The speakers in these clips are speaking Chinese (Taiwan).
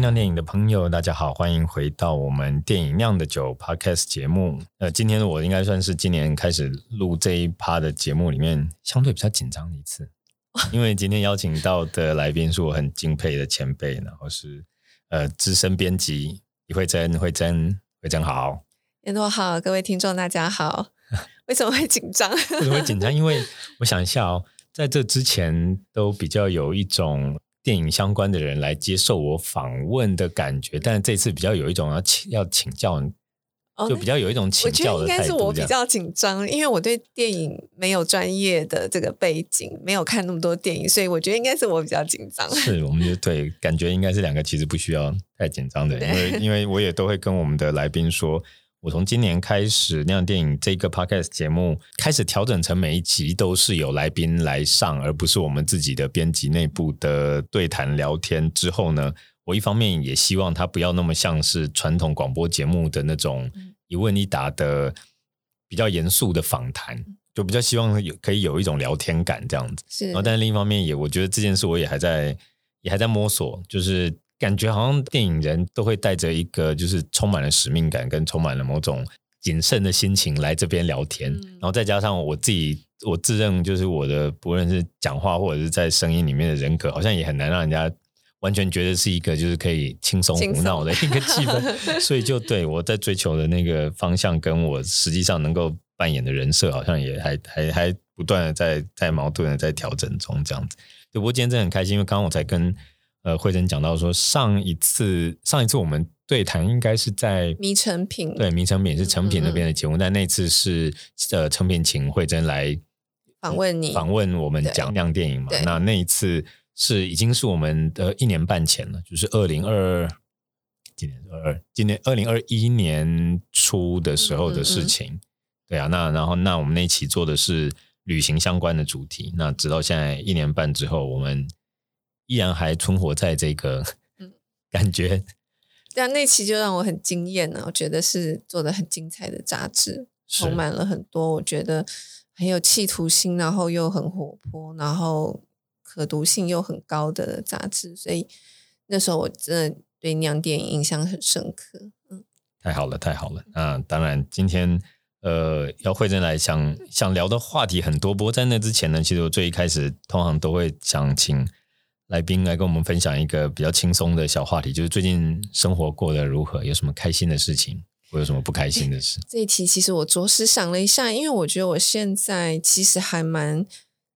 釀電影的朋友，大家好，歡迎回到我們電影釀的酒 Podcast 節目。呃，今天我應該算是今年開始錄這一趴的節目裡面相對比較緊張的一次，因為今天邀請到的來賓是我很敬佩的前輩，然後是呃資深編輯李惠貞，惠貞，惠貞好，聯絡好，各位聽眾大家好。為什麼會緊張？ 為什麼會緊張？因為我想一下哦，在這之前都比較有一種。電影相關的人來接受我訪問的感覺，但這次比較有一種要請要請教，就比較有一種請教的態度這樣。哦，我覺得應該是我比較緊張，因為我對電影沒有專業的這個背景，沒有看那麼多電影，所以我覺得應該是我比較緊張。是，我們就對，感覺應該是兩個其實不需要太緊張的人，因為因為我也都會跟我們的來賓說。我從今年開始，釀電影這個 podcast 節目開始調整成每一集都是有來賓來上，而不是我們自己的編輯內部的對談聊天。之後呢，我一方面也希望它不要那麼像是傳統廣播節目的那種一問一答的比較嚴肅的訪談，就比較希望有可以有一種聊天感這樣子。然後，但另一方面也，我覺得這件事我也還在也還在摸索，就是。感覺好像電影人都會帶着一個就是充滿了使命感跟充滿了某種謹慎的心情來這邊聊天，嗯、然後再加上我自己，我自認就是我的不論是講話或者是在聲音裡面的人格，好像也很難讓人家完全覺得是一個就是可以輕鬆胡鬧的一個氣氛。 所以就對我在追求的那個方向跟我實際上能夠扮演的人設，好像也還還還不斷地在在矛盾的在調整中這樣子。只不過今天真的很開心，因為剛剛我在跟。呃，惠貞講到說，上一次上一次我們對談應該是在《迷誠品》，對，《迷誠品》是誠品那邊的節目，嗯嗯，但那次是呃誠品請惠貞來訪問你，訪問我們講釀電影嘛？那那一次是已經是我們的一年半前了，就是二零二二，今年是二二，今年二零二一年初的時候的事情。嗯嗯嗯對啊，那然後那我們那期做的是旅行相關的主題，那直到現在一年半之後，我們。依然還存活在這個感覺，對、嗯、啊，那期就讓我很驚艷呢、啊。我覺得是做得很精彩的雜誌，充滿了很多我覺得很有企圖心，然後又很活潑、嗯，然後可讀性又很高的雜誌。所以那時候我真的對釀電影印象很深刻。嗯，太好了，太好了。那當然，今天呃，要惠貞來想想聊的話題很多，不過在那之前呢，其實我最一開始通常都會想請來賓來跟我們分享一個比較輕鬆的小話題，就是最近生活過得如何，有什麼開心的事情，我有什麼不開心的事。這一題其實我着實想了一下，因為我覺得我現在其實還蠻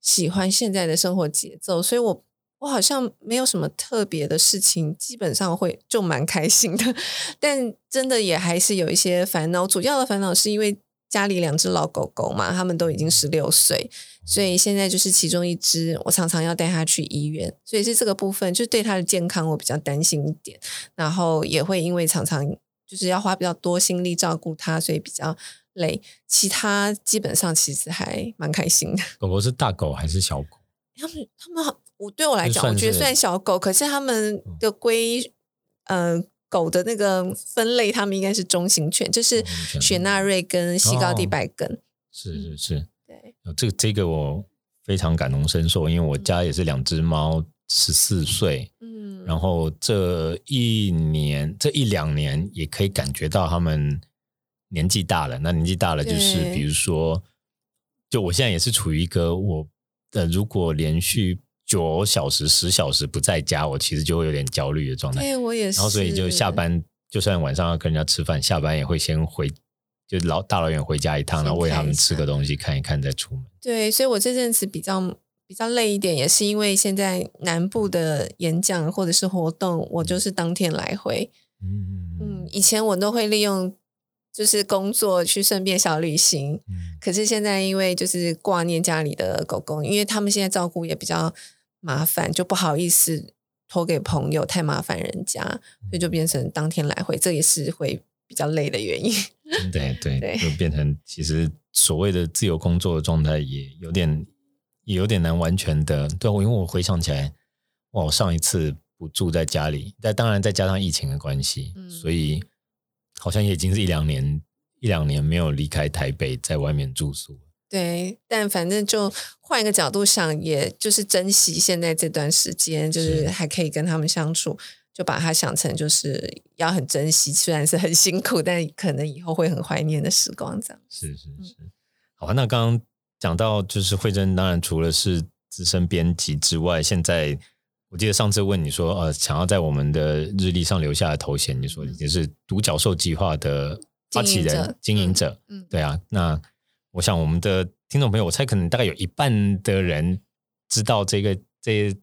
喜歡現在的生活節奏，所以我我好像沒有什麼特別的事情，基本上會就蠻開心的。但真的也還是有一些煩惱，主要的煩惱是因為。家裡兩隻老狗狗嘛，他們都已經十六歲，所以現在就是其中一隻，我常常要帶它去醫院，所以是這個部分，就對它的健康我比較擔心一點，然後也會因為常常就是要花比較多心力照顧它，所以比較累。其他基本上其實還蠻開心的。狗狗是大狗還是小狗？它們它們好，我對我來講是是，我覺得算小狗，可是它們的規，嗯。呃狗的那個分類，他們應該是中型犬，就是雪納瑞跟西高地白梗，哦。是是是，對，嗯，這個這個我非常感同身受，因為我家也是兩只貓，十四歲，嗯，然後這一年這一兩年也可以感覺到它們年紀大了。那年紀大了就是，比如說，就我現在也是處於一個我呃，如果連續。九小時、十小時不在家，我其實就會有點焦慮的狀態。對，我也是。然後所以就下班，就算晚上要跟人家吃飯，下班也會先回，就老大老遠回家一趟，然後餵他們吃個東西，看一看再出門。對，所以我這陣子比較比較累一點，也是因為現在南部的演講或者是活動，我就是當天來回。嗯嗯。以前我都會利用就是工作去順便小旅行，嗯，可是現在因為就是掛念家裡的狗狗，因為他們現在照顧也比較。麻煩，就不好意思托給朋友，太麻煩人家，所以就變成當天來回，嗯、這也是會比較累的原因。對對，對，就變成其實所謂的自由工作的狀態，也有點也有點難完全的。對，我因為我回想起來，哇，我上一次不住在家裡，但當然再加上疫情的關係，嗯、所以好像也已經是一兩年一兩年沒有離開台北，在外面住宿。對，但反正就換一個角度想，也就是珍惜現在這段時間，就是還可以跟他們相處，就把它想成就是要很珍惜，雖然是很辛苦，但可能以後會很懷念的時光，這樣子。是是是，好，那剛剛講到，就是惠貞，當然除了是資深編輯之外，現在我記得上次問你說，呃，想要在我們的日曆上留下的頭銜，你說你也是獨角獸計劃的發起人經、經營者。嗯，嗯，對啊，那。我想我們的聽眾朋友，我猜可能大概有一半的人知道這個這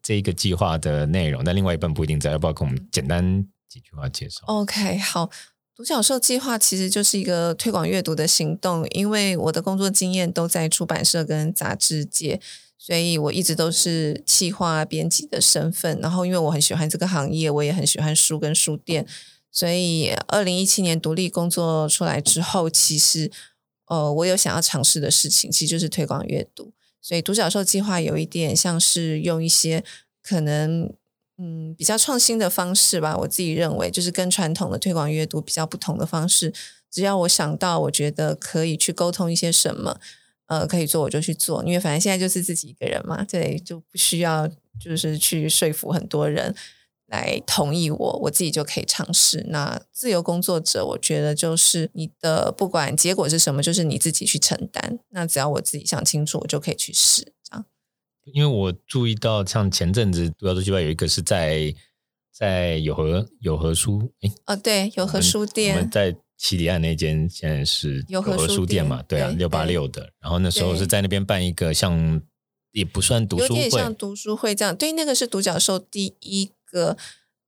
這個計劃的內容，但另外一半不一定知道。要不要跟我們簡單幾句話介紹？OK，好，獨角獸計劃其實就是一個推廣閱讀的行動。因為我的工作經驗都在出版社跟雜誌界，所以我一直都是企劃編輯的身份。然後因為我很喜歡這個行業，我也很喜歡書跟書店，所以二零一七年獨立工作出來之後，其實。呃，我有想要嘗試的事情，其實就是推廣閱讀。所以，獨角獸計劃有一點像是用一些可能嗯比較創新的方式吧。我自己認為，就是跟傳統的推廣閱讀比較不同的方式。只要我想到，我覺得可以去溝通一些什麼，呃，可以做我就去做。因為反正現在就是自己一個人嘛，對，就不需要就是去說服很多人。來同意我，我自己就可以嘗試。那自由工作者，我覺得就是你的，不管結果是什麼，就是你自己去承擔。那只要我自己想清楚，我就可以去試。這樣。因為我注意到，像前陣子獨角獸計劃有一個是在在有河有河書哦，對，有河書店，我們，我們在七里岸那間現在是有河書店嘛？店對，對啊，六八六的。然後那時候是在那邊辦一個像也不算讀書會，有點像讀書會這樣。對，那個是獨角獸第一。個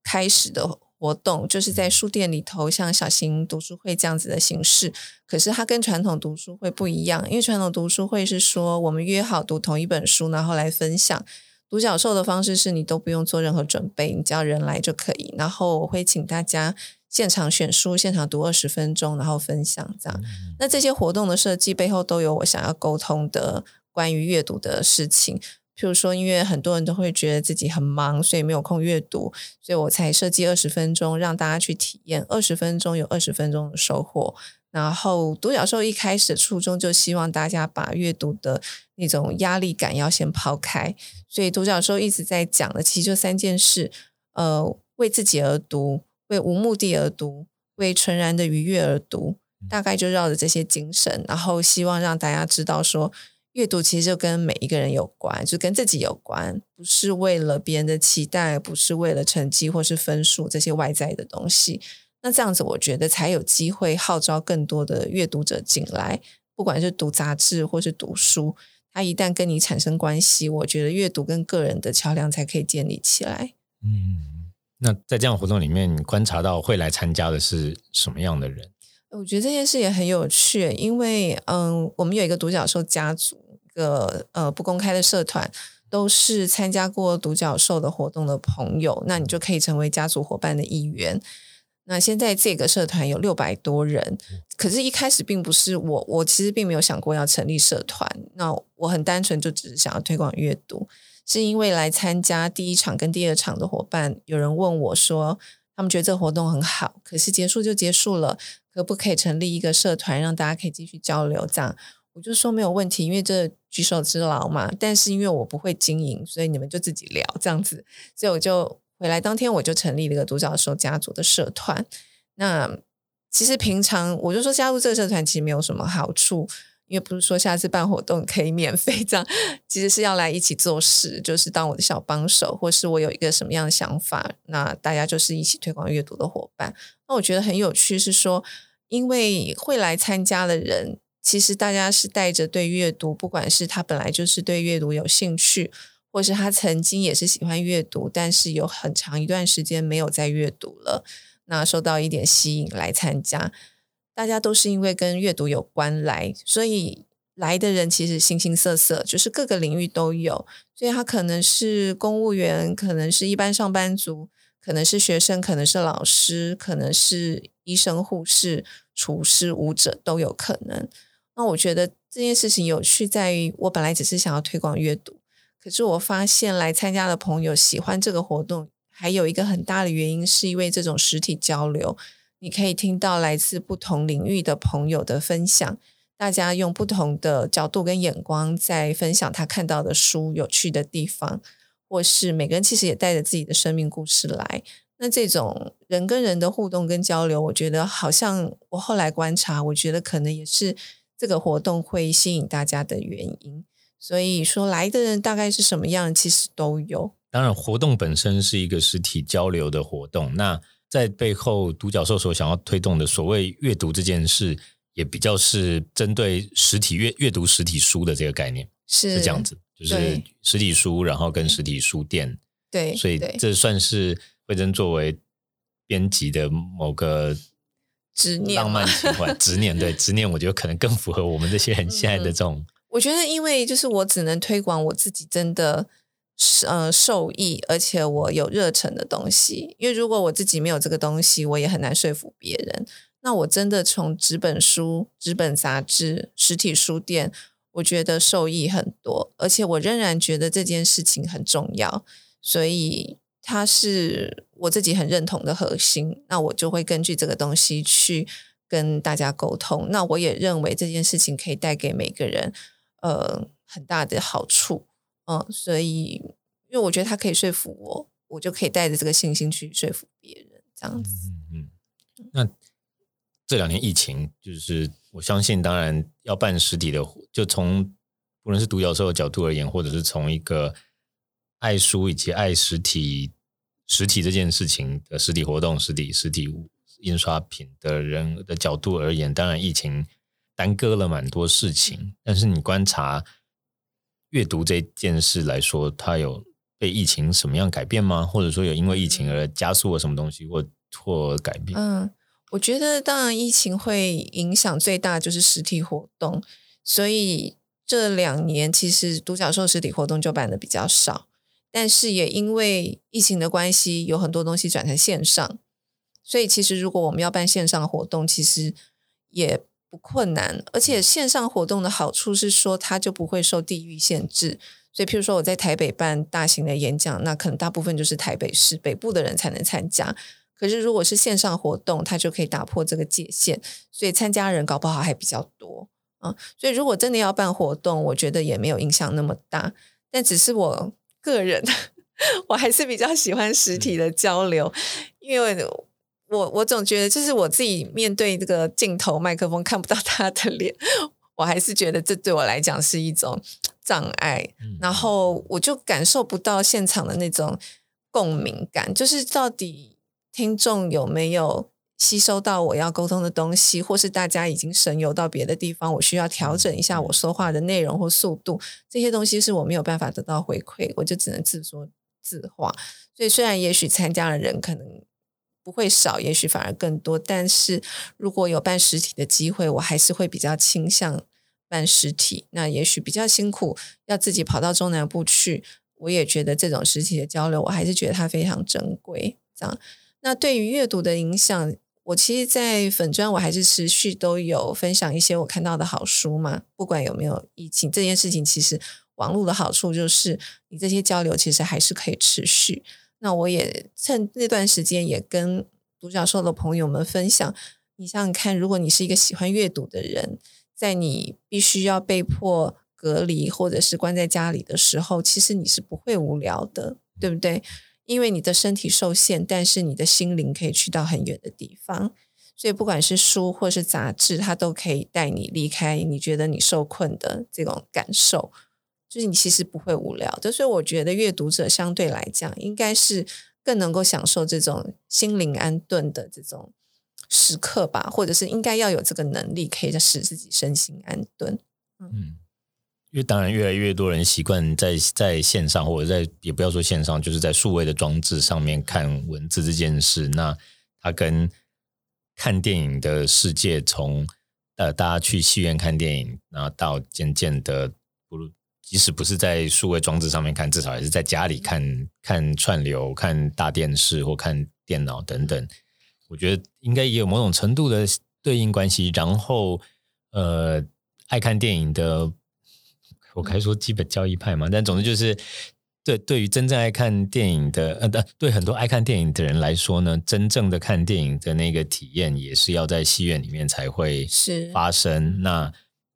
開始的活動就是在書店裡頭，像小型讀書會這樣子的形式。可是它跟傳統讀書會不一樣，因為傳統讀書會是說我們約好讀同一本書，然後來分享。獨角獸的方式是你都不用做任何準備，你叫人來就可以。然後我會請大家現場選書，現場讀二十分鐘，然後分享這樣。那這些活動的設計背後都有我想要溝通的關於閱讀的事情。譬如說，因為很多人都會覺得自己很忙，所以沒有空閱讀，所以我才設計二十分鐘讓大家去體驗。二十分鐘有二十分鐘的收穫。然後，獨角獸一開始初衷就希望大家把閱讀的那種壓力感要先拋開，所以獨角獸一直在講的其實就三件事：呃，為自己而讀，為無目的而讀，為純然的愉悅而讀。大概就繞着這些精神，然後希望讓大家知道說。閱讀其實就跟每一個人有關，就跟自己有關，不是為了別人的期待，不是為了成績或是分數這些外在的東西。那這樣子，我覺得才有機會號召更多的閱讀者進來，不管是讀雜誌或是讀書，他一旦跟你產生關係，我覺得閱讀跟個人的橋樑才可以建立起來。嗯，那在這樣活動裡面，你觀察到會來參加的是什麼樣的人？我覺得這件事也很有趣，因為嗯，我們有一個獨角獸家族。一個呃不公開的社團，都是參加過獨角獸的活動的朋友，那你就可以成為家族夥伴的一員。那現在這個社團有六百多人，可是一開始並不是我，我其實並沒有想過要成立社團。那我很單純，就只是想要推廣閱讀。是因為來參加第一場跟第二場的夥伴，有人問我說，他們覺得這個活動很好，可是結束就結束了，可不可以成立一個社團，讓大家可以繼續交流這樣？我就說沒有問題，因為這舉手之勞嘛。但是因為我不會經營，所以你們就自己聊這樣子。所以我就回來當天，我就成立了一個獨角獸家族的社團。那其實平常我就說加入這個社團其實沒有什麼好處，因為不是說下次辦活動可以免費這樣。其實是要來一起做事，就是當我的小幫手，或是我有一個什麼樣的想法，那大家就是一起推廣閱讀的伙伴。那我覺得很有趣，是說因為會來參加的人。其實大家是帶着對閱讀，不管是他本來就是對閱讀有興趣，或是他曾經也是喜歡閱讀，但是有很長一段時間沒有在閱讀了，那受到一點吸引來參加。大家都是因為跟閱讀有關來，所以來的人其實形形色色，就是各個領域都有。所以他可能是公務員，可能是一般上班族，可能是學生，可能是老師，可能是醫生、護士、廚師、舞者都有可能。那我覺得這件事情有趣在於，我本來只是想要推廣閱讀，可是我發現來參加的朋友喜歡這個活動，還有一個很大的原因是因為這種實體交流，你可以聽到來自不同領域的朋友的分享，大家用不同的角度跟眼光在分享他看到的書有趣的地方，或是每個人其實也帶着自己的生命故事來，那這種人跟人的互動跟交流，我覺得好像我後來觀察，我覺得可能也是。這個活動會吸引大家的原因，所以說來的人大概是什麼樣，其實都有。當然，活動本身是一個實體交流的活動。那在背後，獨角獸所想要推動的所謂閱讀這件事，也比較是針對實體閱閱讀實體書的這個概念，是，是這樣子，就是實體書，然後跟實體書店，嗯。對，所以這算是惠貞作為編輯的某個。執念、 浪漫情懷、執念，對執念，我覺得可能更符合我們這些人現在的這種、嗯。我覺得，因為就是我只能推廣我自己真的，嗯、呃，受益，而且我有熱忱的東西。因為如果我自己沒有這個東西，我也很難說服別人。那我真的從紙本書、紙本雜誌、實體書店，我覺得受益很多，而且我仍然覺得這件事情很重要，所以。他是我自己很認同的核心，那我就會根據這個東西去跟大家溝通。那我也認為這件事情可以帶給每個人呃很大的好處，嗯、呃，所以因為我覺得他可以說服我，我就可以帶着這個信心去說服別人，這樣子。嗯，嗯，那這兩年疫情，就是我相信，當然要辦實體的，就從不論是獨角獸的角度而言，或者是從一個。愛書以及愛實體實體這件事情的實體活動、實體實體印刷品的人的角度而言，當然疫情耽擱了蠻多事情。但是你觀察閱讀這件事來說，它有被疫情什麼樣改變嗎？或者說有因為疫情而加速了什麼東西，或或改變？嗯，我覺得當然疫情會影響最大就是實體活動，所以這兩年其實獨角獸實體活動就辦得比較少。但是也因為疫情的關係，有很多東西轉成線上，所以其實如果我們要辦線上活動，其實也不困難。而且線上活動的好處是說，它就不會受地域限制。所以，譬如說我在台北辦大型的演講，那可能大部分就是台北市北部的人才能參加。可是如果是線上活動，它就可以打破這個界限，所以參加人搞不好還比較多啊。所以如果真的要辦活動，我覺得也沒有影響那麼大。但只是我個人，我還是比較喜歡實體的交流，因為我我總覺得，就是我自己面對這個鏡頭、麥克風，看不到他的臉，我還是覺得這對我來講是一種障礙，嗯，然後我就感受不到現場的那種共鳴感，就是到底聽眾有沒有。吸收到我要溝通的東西，或是大家已經神遊到別的地方，我需要調整一下我說話的內容或速度。這些東西是我沒有辦法得到回饋，我就只能自說自話。所以雖然也許參加的人可能不會少，也許反而更多，但是如果有辦實體的機會，我還是會比較傾向辦實體。那也許比較辛苦，要自己跑到中南部去，我也覺得這種實體的交流，我還是覺得它非常珍貴。這樣，那對於閱讀的影響。我其實，在粉專，我還是持續都有分享一些我看到的好書嘛，不管有沒有疫情，這件事情其實網絡的好處就是，你這些交流其實還是可以持續。那我也趁那段時間也跟獨角獸的朋友們分享，你想想看，如果你是一個喜歡閱讀的人，在你必須要被迫隔離或者是關在家裡的時候，其實你是不會無聊的，對不對？因為你的身體受限，但是你的心靈可以去到很遠的地方，所以不管是書或是雜誌，它都可以帶你離開你覺得你受困的這種感受，就是你其實不會無聊的。所以我覺得閱讀者相對來講，應該是更能夠享受這種心靈安頓的這種時刻吧，或者是應該要有這個能力，可以使自己身心安頓。嗯。因為當然，越來越多人習慣在在線上或者在也不要說線上，就是在數位的裝置上面看文字這件事。那它跟看電影的世界從，從呃大家去戲院看電影，然後到漸漸的，不如即使不是在數位裝置上面看，至少也是在家裡看看串流、看大電視或看電腦等等。我覺得應該也有某種程度的對應關係。然後，呃，愛看電影的。我可以說基本教義派嘛，但總之就是對，對對於真正愛看電影的呃，對很多愛看電影的人來說呢，真正的看電影的那個體驗也是要在戲院裡面才會發生。那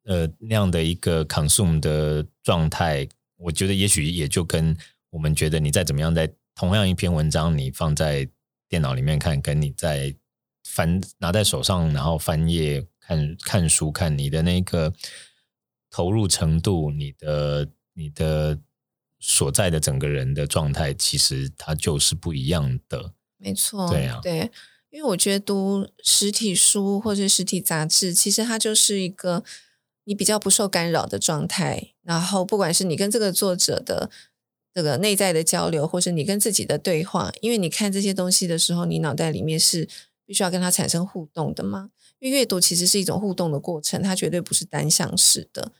呃那樣的一個 consume 的狀態，我覺得也許也就跟我們覺得你再怎麼樣，在同樣一篇文章你放在電腦裡面看，跟你在翻拿在手上然後翻頁看看書看你的那個。投入程度，你的你的所在的整個人的狀態，其實它就是不一樣的。沒錯，對啊，對，因為我覺得讀實體書或者實體雜誌，其實它就是一個你比較不受干擾的狀態。然後，不管是你跟這個作者的這個內在的交流，或是你跟自己的對話，因為你看這些東西的時候，你腦袋裡面是必須要跟它產生互動的嘛。因為閱讀其實是一種互動的過程，它絕對不是單向式的。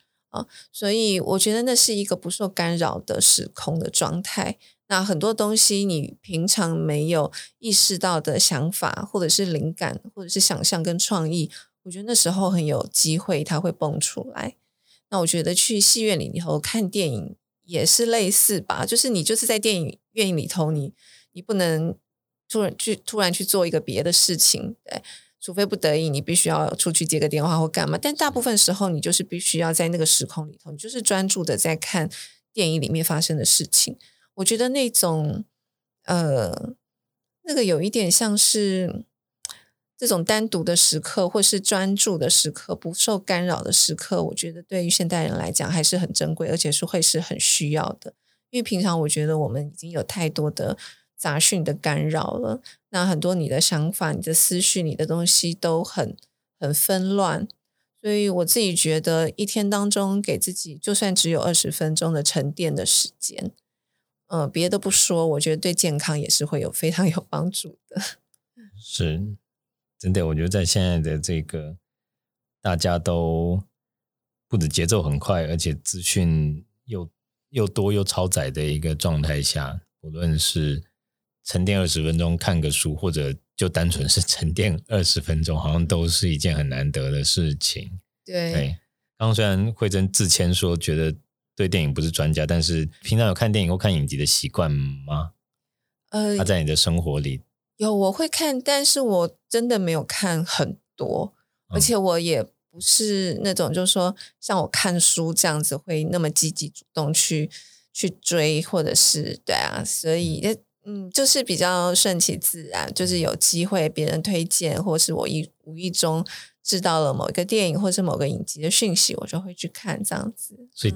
所以我覺得那是一個不受干擾的時空的狀態。那很多東西你平常沒有意識到的想法，或者是靈感，或者是想象跟創意，我覺得那時候很有機會，它會蹦出來。那我覺得去戲院裡頭看電影也是類似吧，就是你就是在電影院裡頭你，你你不能突然去突然去做一個別的事情，對。除非不得已，你必須要出去接個電話或幹嘛，但大部分時候你就是必須要在那個時空裡頭，你就是專注的在看電影裡面發生的事情。我覺得那種，呃，那個有一點像是這種單獨的時刻，或是專注的時刻，不受干擾的時刻，我覺得對於現代人來講還是很珍貴，而且是會是很需要的，因為平常我覺得我們已經有太多的。雜訊的干擾了，那很多你的想法、你的思緒、你的東西都很很紛亂，所以我自己覺得一天當中給自己，就算只有二十分鐘的沉澱的時間，嗯、呃，別的不說，我覺得對健康也是會有非常有幫助的。是，真的，我覺得在現在的這個大家都不止節奏很快，而且資訊又又多又超載的一個狀態下，無論是沉澱二十分鐘，看個書，或者就單純是沉澱二十分鐘，好像都是一件很難得的事情。對，對剛，雖然惠貞自謙說覺得對電影不是專家，但是平常有看電影或看影集的習慣嗎？呃，他、啊、在你的生活裡有，我會看，但是我真的沒有看很多，而且我也不是那種就是說像我看書這樣子會那麼積極主動去去追，或者是對啊，所以。嗯嗯，就是比較順其自然，就是有機會別人推薦，或是我一無意中知道了某一個電影或是某個影集的訊息，我就會去看這樣子。嗯。所以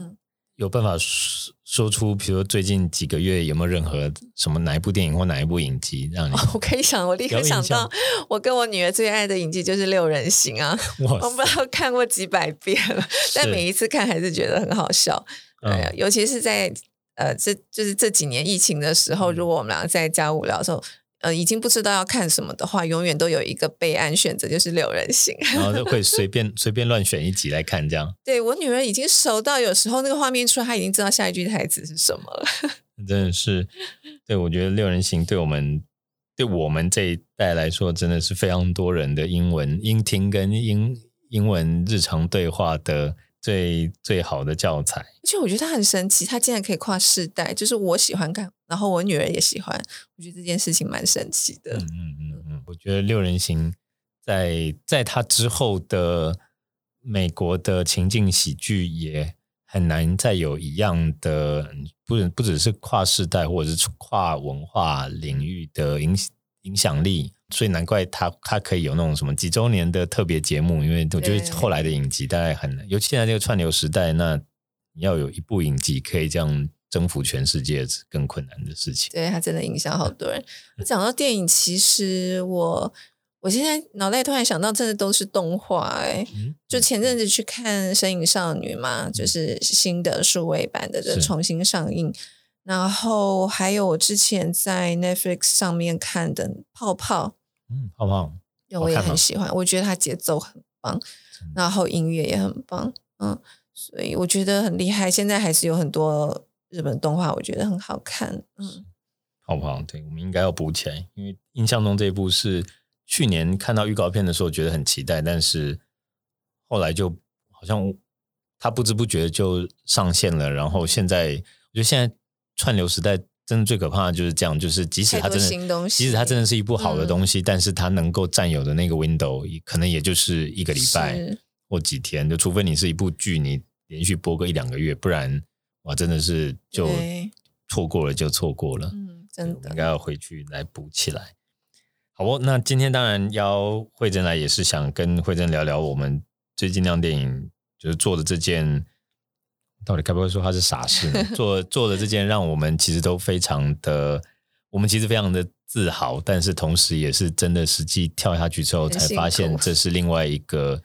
有辦法說出，比如說最近幾個月有沒有任何什麼哪一部電影或哪一部影集讓你？我可以想，我立刻想到，我跟我女兒最愛的影集就是《六人行》啊，我不知道看過幾百遍了，但每一次看還是覺得很好笑。嗯，哎喲，尤其是在。呃，這就是這幾年疫情的時候，如果我們倆在家無聊的時候，呃，已經不知道要看什麼的話，永遠都有一個備案選擇，就是《六人行》，然後就會隨便 隨便亂選一集來看，這樣。對，我女兒已經熟到有時候那個畫面出來，她已經知道下一句台詞是什麼了。 真的是，對，我覺得《六人行》對我們對我們這一代來說，真的是非常多人的英文英聽跟英英文日常對話的。最最好的教材，而且我覺得他很神奇，他竟然可以跨世代，就是我喜歡看，然後我女兒也喜歡，我覺得這件事情蠻神奇的。嗯嗯嗯嗯，我覺得六人行在在他之後的美國的情境喜劇也很難再有一樣的，不不只是跨世代或者是跨文化領域的影影響力。所以難怪他他可以有那種什麼幾周年的特別節目，因為我覺得後來的影集大概很難，尤其在這個串流時代，那你要有一部影集可以這樣征服全世界，是更困難的事情。對，他真的影響好多人。講、嗯、到電影，其實我我現在腦袋突然想到，真的都是動畫哎、欸嗯。就前陣子去看《神隱少女》嘛，嗯、就是新的數位版的就重新上映，然後還有我之前在 Netflix 上面看的《泡泡》。嗯，好不好，好？我也很喜歡，我覺得它節奏很棒，然後音樂也很棒，嗯，所以我覺得很厲害。現在還是有很多日本動畫，我覺得很好看，嗯，好不好？對，我們應該要補起來，因為印象中這一部是去年看到預告片的時候覺得很期待，但是後來就好像他不知不覺就上線了，然後現在我覺得現在串流時代。真的最可怕的就是這樣，就是即使它真的，即使它真的是一部好的東西，嗯，但是它能夠佔有的那個 window 可能也就是一個禮拜或幾天，就除非你是一部劇，你連續播個一兩個月，不然哇，真的是就錯過了就錯過了。嗯，真的，應該要回去來補起來。好哦，那今天當然邀惠貞來，也是想跟惠貞聊聊我們最近釀電影就是做的這件。到底該不會說他是傻事呢？做做的這件，讓我們其實都非常的， 我們其實非常的自豪。但是同時，也是真的，實際跳下去之後，才發現這是另外一個，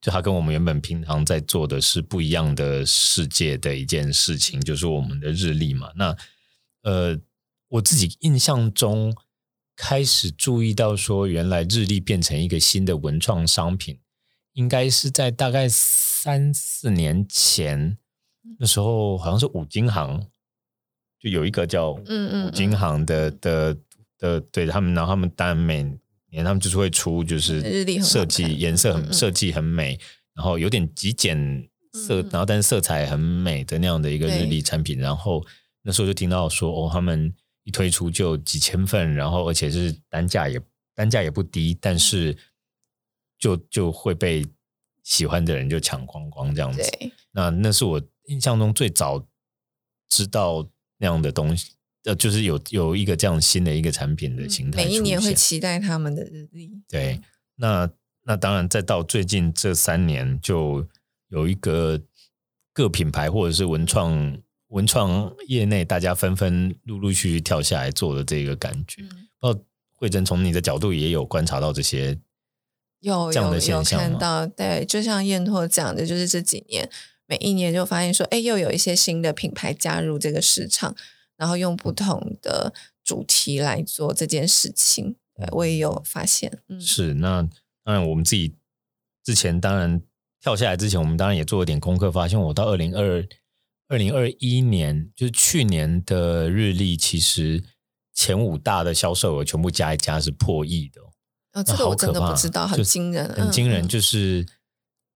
就他跟我們原本平常在做的是不一樣的世界的一件事情，就是我們的日曆嘛。那呃，我自己印象中開始注意到說，原來日曆變成一個新的文創商品，應該是在大概三四年前。那時候好像是五金行，就有一個叫嗯嗯五金行的嗯嗯嗯的的，的，對他們，然後他們當然每年他們就是會出就是設計，顏色很嗯嗯設計很美，然後有點極簡色嗯嗯，然後但是色彩很美的那樣的一個日曆產品。然後那時候就聽到說哦，他們一推出就幾千份，然後而且是單價也單價也不低，但是就就會被喜歡的人就搶光光這樣子。那那是我。印象中最早知道那樣的東西，呃，就是有有一個這樣新的一個產品的形態，嗯。每一年會期待他們的日曆。對，那那當然，再到最近這三年，就有一個各品牌或者是文創文創業內大家紛紛陸陸續續跳下來做的這個感覺。哦、嗯，惠貞從你的角度也有觀察到這些有，有這樣的現象嗎？對，就像燕拓講的，就是這幾年。每一年就發現說，哎，又有一些新的品牌加入這個市場，然後用不同的主題來做這件事情。嗯、對我也有發現，嗯、是那當然、嗯，我們自己之前當然跳下來之前，我們當然也做了點功課，發現我到二零二二零二一年，就是去年的日曆，其實前五大的銷售額全部加一加是破億的。哦、這個我真的不知道，很驚人，很驚人，嗯、就是。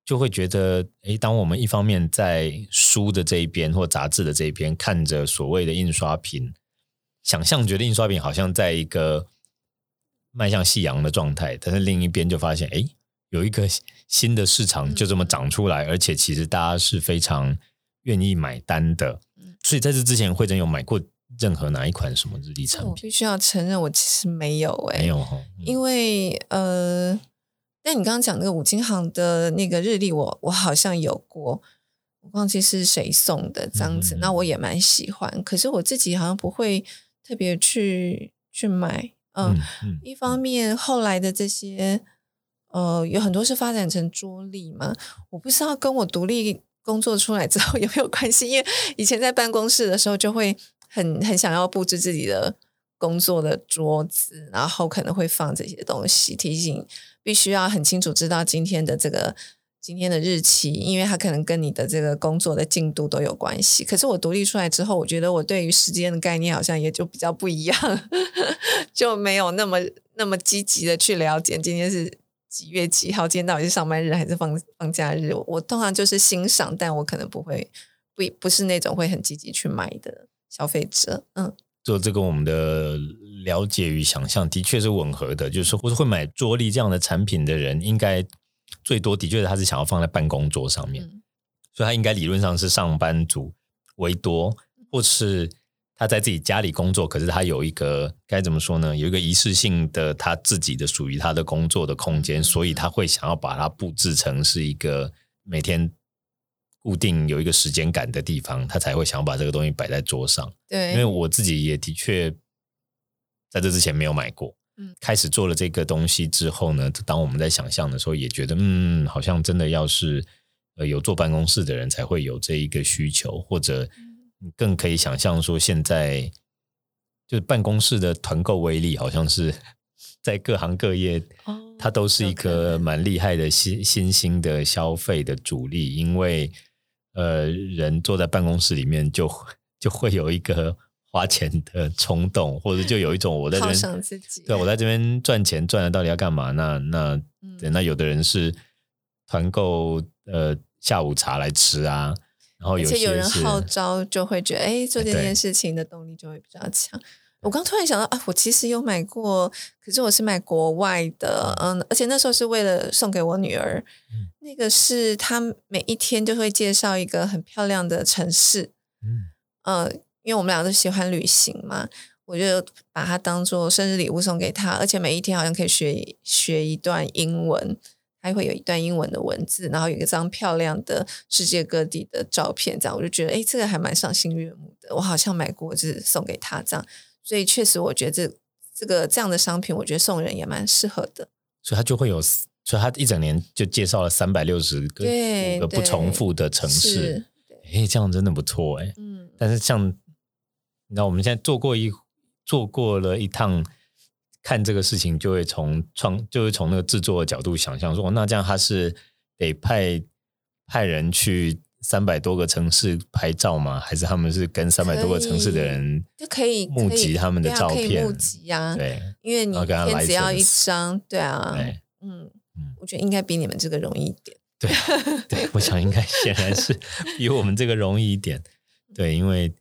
就會覺得，誒當我們一方面在書的這一邊或雜誌的這一邊看着所謂的印刷品，想象覺得印刷品好像在一個邁向夕陽的狀態，但是另一邊就發現，誒有一個新的市場就這麼長出來，嗯，而且其實大家是非常願意買單的。所以在這之前，惠貞有買過任何哪一款什麼日曆產品？我必須要承認，我其實沒有誒、欸、沒有、哦嗯、因為呃。但你剛剛講的那個五金行的那個日曆我，我我好像有過，我忘記是誰送的這樣子，那我也蠻喜歡。可是我自己好像不會特別去去買。呃嗯，嗯，一方面，嗯，後來的這些，呃，有很多是發展成桌曆嘛，我不知道跟我獨立工作出來之後有沒有關係，因為以前在辦公室的時候就會很很想要布置自己的工作的桌子，然後可能會放這些東西提醒。必須要很清楚知道今天的這個今天的日期，因為它可能跟你的這個工作的進度都有關係。可是我獨立出來之後，我覺得我對於時間的概念好像也就比較不一樣， 就沒有那麼那麼積極的去了解今天是幾月幾號，今天到底是上班日還是放放假日。我，我通常就是欣賞，但我可能不會不不是那種會很積極去買的消費者，嗯。所以這跟我們的了解與想象的確是吻合的，就是說，或者會買桌曆這樣的產品的人，應該最多的確他是想要放在辦公桌上面，嗯，所以他應該理論上是上班族為多，或是他在自己家裡工作，可是他有一個該怎麼說呢？有一個儀式性的他自己的屬於他的工作的空間，嗯、所以他會想要把它布置成是一個每天。固定有一個時間感的地方，他才會想要把這個東西擺在桌上。對，因為我自己也的確在這之前沒有買過。嗯，開始做了這個東西之後呢，當我們在想象的時候，也覺得嗯，好像真的要是呃有坐辦公室的人才會有這一個需求，或者更可以想象說，現在、嗯、就是辦公室的團購威力，好像是在各行各業、哦，它都是一個蠻厲害的新新興的消費的主力，哦 okay、因為。呃，人坐在辦公室裡面就就會有一個花錢的衝動，或者就有一種我在犒賞自己。對，我在這邊賺錢賺了到底要幹嘛？那那、嗯、對，那有的人是團購呃下午茶來吃啊，然後有些而且有人號召就會覺得哎，做這件事情的動力就會比較強。我剛突然想到啊，我其實有買過，可是我是買國外的，嗯，而且那時候是為了送給我女兒，嗯、那個是她每一天就會介紹一個很漂亮的城市，嗯，呃、因為我們倆都喜歡旅行嘛，我就把它當做生日禮物送給她，而且每一天好像可以學學一段英文，還會有一段英文的文字，然後有一張漂亮的世界各地的照片，這樣我就覺得欸，這個還蠻賞心悅目的。我好像買過，就是送給她這樣。所以確實，我覺得這這個這樣的商品，我覺得送人也蠻適合的。所以他就會有，所以他一整年就介紹了三百六十個不重複的城市。哎，這樣真的不錯哎。嗯。但是像，你知道我們現在做過一做過了一趟，看這個事情，就會從創，就會從那個製作的角度想象說，哦，那這樣他是得派派人去。三百多個城市拍照嗎？還是他們是跟三百多個城市的人就可以募集他們的照片？可以，就可以可以可以募集啊，對，因為你只要一張，對啊，嗯嗯，我覺得應該比你們這個容易一點。對，對， 我想應該顯然是比我們這個容易一點。對，因為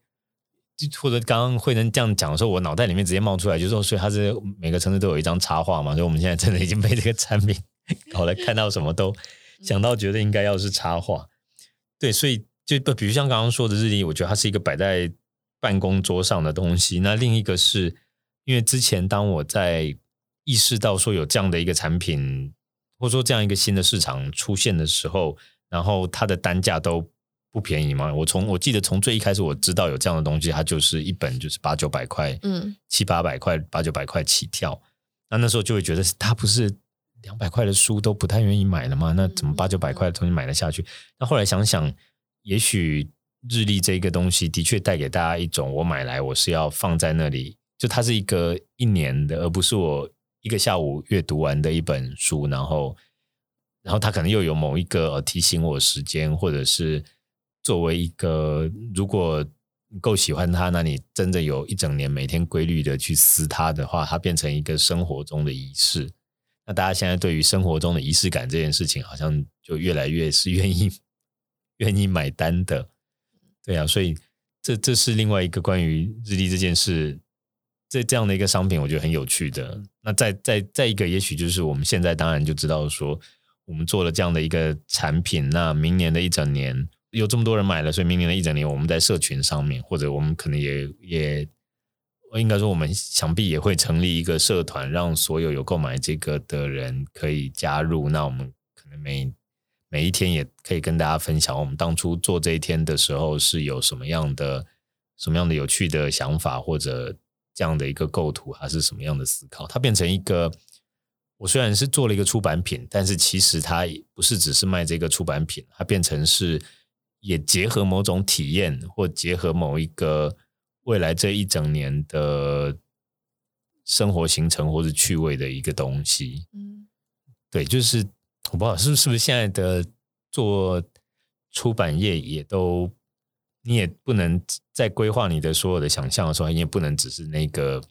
或者剛剛惠貞這樣講的時候，我腦袋裡面直接冒出來，就是、說，所以他是每個城市都有一張插畫嘛？所以我們現在真的已經被這個產品搞得看到什麼都想到，覺得應該要是插畫。對，所以就比如像剛剛說的日曆，我覺得它是一個擺在辦公桌上的東西。那另一個是因為之前當我在意識到說有這樣的一個產品，或者說這樣一個新的市場出現的時候，然後它的單價都不便宜嘛。我從我記得從最一開始我知道有這樣的東西，它就是一本就是八九百塊，嗯，七八百塊，八九百塊起跳。那那時候就會覺得它不是。兩百塊的書都不太願意買了嘛？那怎麼八九百塊的東西買得下去？那後來想想，也許日曆這個東西的確帶給大家一種：我買來我是要放在那裡，就它是一個一年的，而不是我一個下午閱讀完的一本書。然後，然後它可能又有某一個提醒我時間，或者是作為一個，如果夠喜歡它，那你真的有一整年每天規律的去撕它的話，它變成一個生活中的儀式。那大家現在對於生活中的儀式感這件事情，好像就越來越是願意願意買單的，對啊，所以這這是另外一個關於日曆這件事，這這樣的一個商品，我覺得很有趣的。那再再再一個，也許就是我們現在當然就知道說，我們做了這樣的一個產品，那明年的一整年有這麼多人買了，所以明年的一整年我們在社群上面，或者我們可能也也，應該說，我們想必也會成立一個社團，讓所有有購買這個的人可以加入。那我們可能每每一天也可以跟大家分享，我們當初做這一天的時候是有什麼樣的、什麼樣的有趣的想法，或者這樣的一個構圖，還是什麼樣的思考？它變成一個，我雖然是做了一個出版品，但是其實它不是只是賣這個出版品，它變成是也結合某種體驗，或結合某一個。未來這一整年的生活行程，或是趣味的一個東西，嗯，對，就是我不知道是是不是現在的做出版業也都，你也不能在規劃你的所有的想象的時候，你也不能只是那個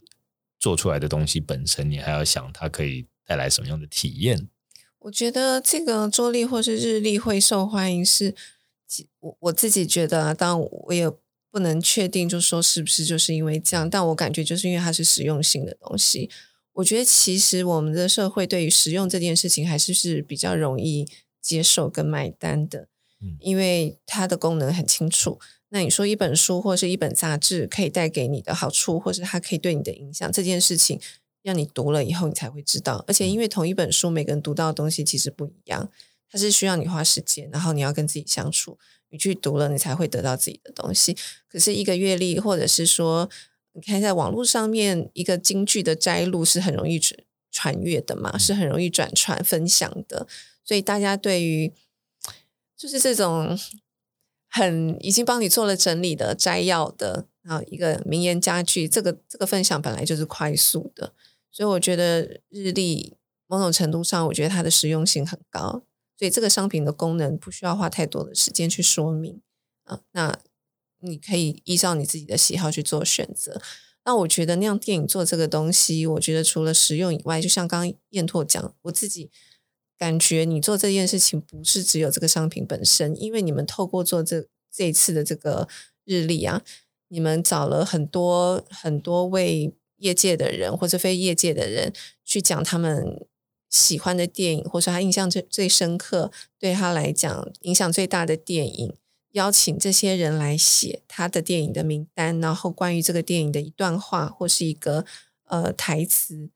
做出來的東西本身，你還要想它可以帶來什麼樣的體驗。我覺得這個桌曆或是日曆會受歡迎，是，我我自己覺得，當然我也。不能確定，就說是不是就是因為這樣，但我感覺就是因為它是實用性的東西。我覺得其實我們的社會對於實用這件事情還是是比較容易接受跟買單的，因為它的功能很清楚。那你說一本書或者是一本雜誌可以帶給你的好處，或是它可以對你的影響，這件事情讓你讀了以後你才會知道。而且因為同一本書每個人讀到的東西其實不一樣，它是需要你花時間，然後你要跟自己相處。你去讀了，你才會得到自己的東西。可是，一個閱歷，或者是說，你看，在網絡上面，一個京劇的摘錄是很容易傳閱的嘛，是很容易轉傳分享的。所以，大家對於就是這種很已經幫你做了整理的摘要的啊，一個名言佳句，這個這個分享本來就是快速的。所以，我覺得日曆某種程度上，我覺得它的實用性很高。所以，這個商品的功能不需要花太多的時間去說明啊，那你可以依照你自己的喜好去做選擇。那我覺得那釀電影做這個東西，我覺得除了實用以外，就像剛燕拓講，我自己感覺你做這件事情不是只有這個商品本身，因為你們透過做這這一次的這個日曆啊，你們找了很多很多位業界的人或者非業界的人去講他們。喜歡的電影，或是他印象最最深刻、對他來講影響最大的電影，邀請這些人來寫他的電影的名單，然後關於這個電影的一段話或是一個呃台詞，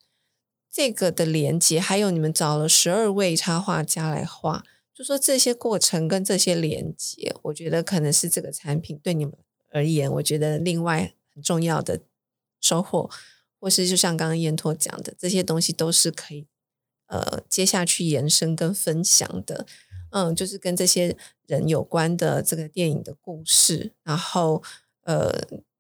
這個的連接，還有你們找了十二位插畫家來畫，就說這些過程跟這些連接，我覺得可能是這個產品對你們而言，我覺得另外很重要的收穫，或是就像剛剛燕托講的，這些東西都是可以，呃，接下去延伸跟分享的，嗯，就是跟這些人有關的這個電影的故事，然後呃，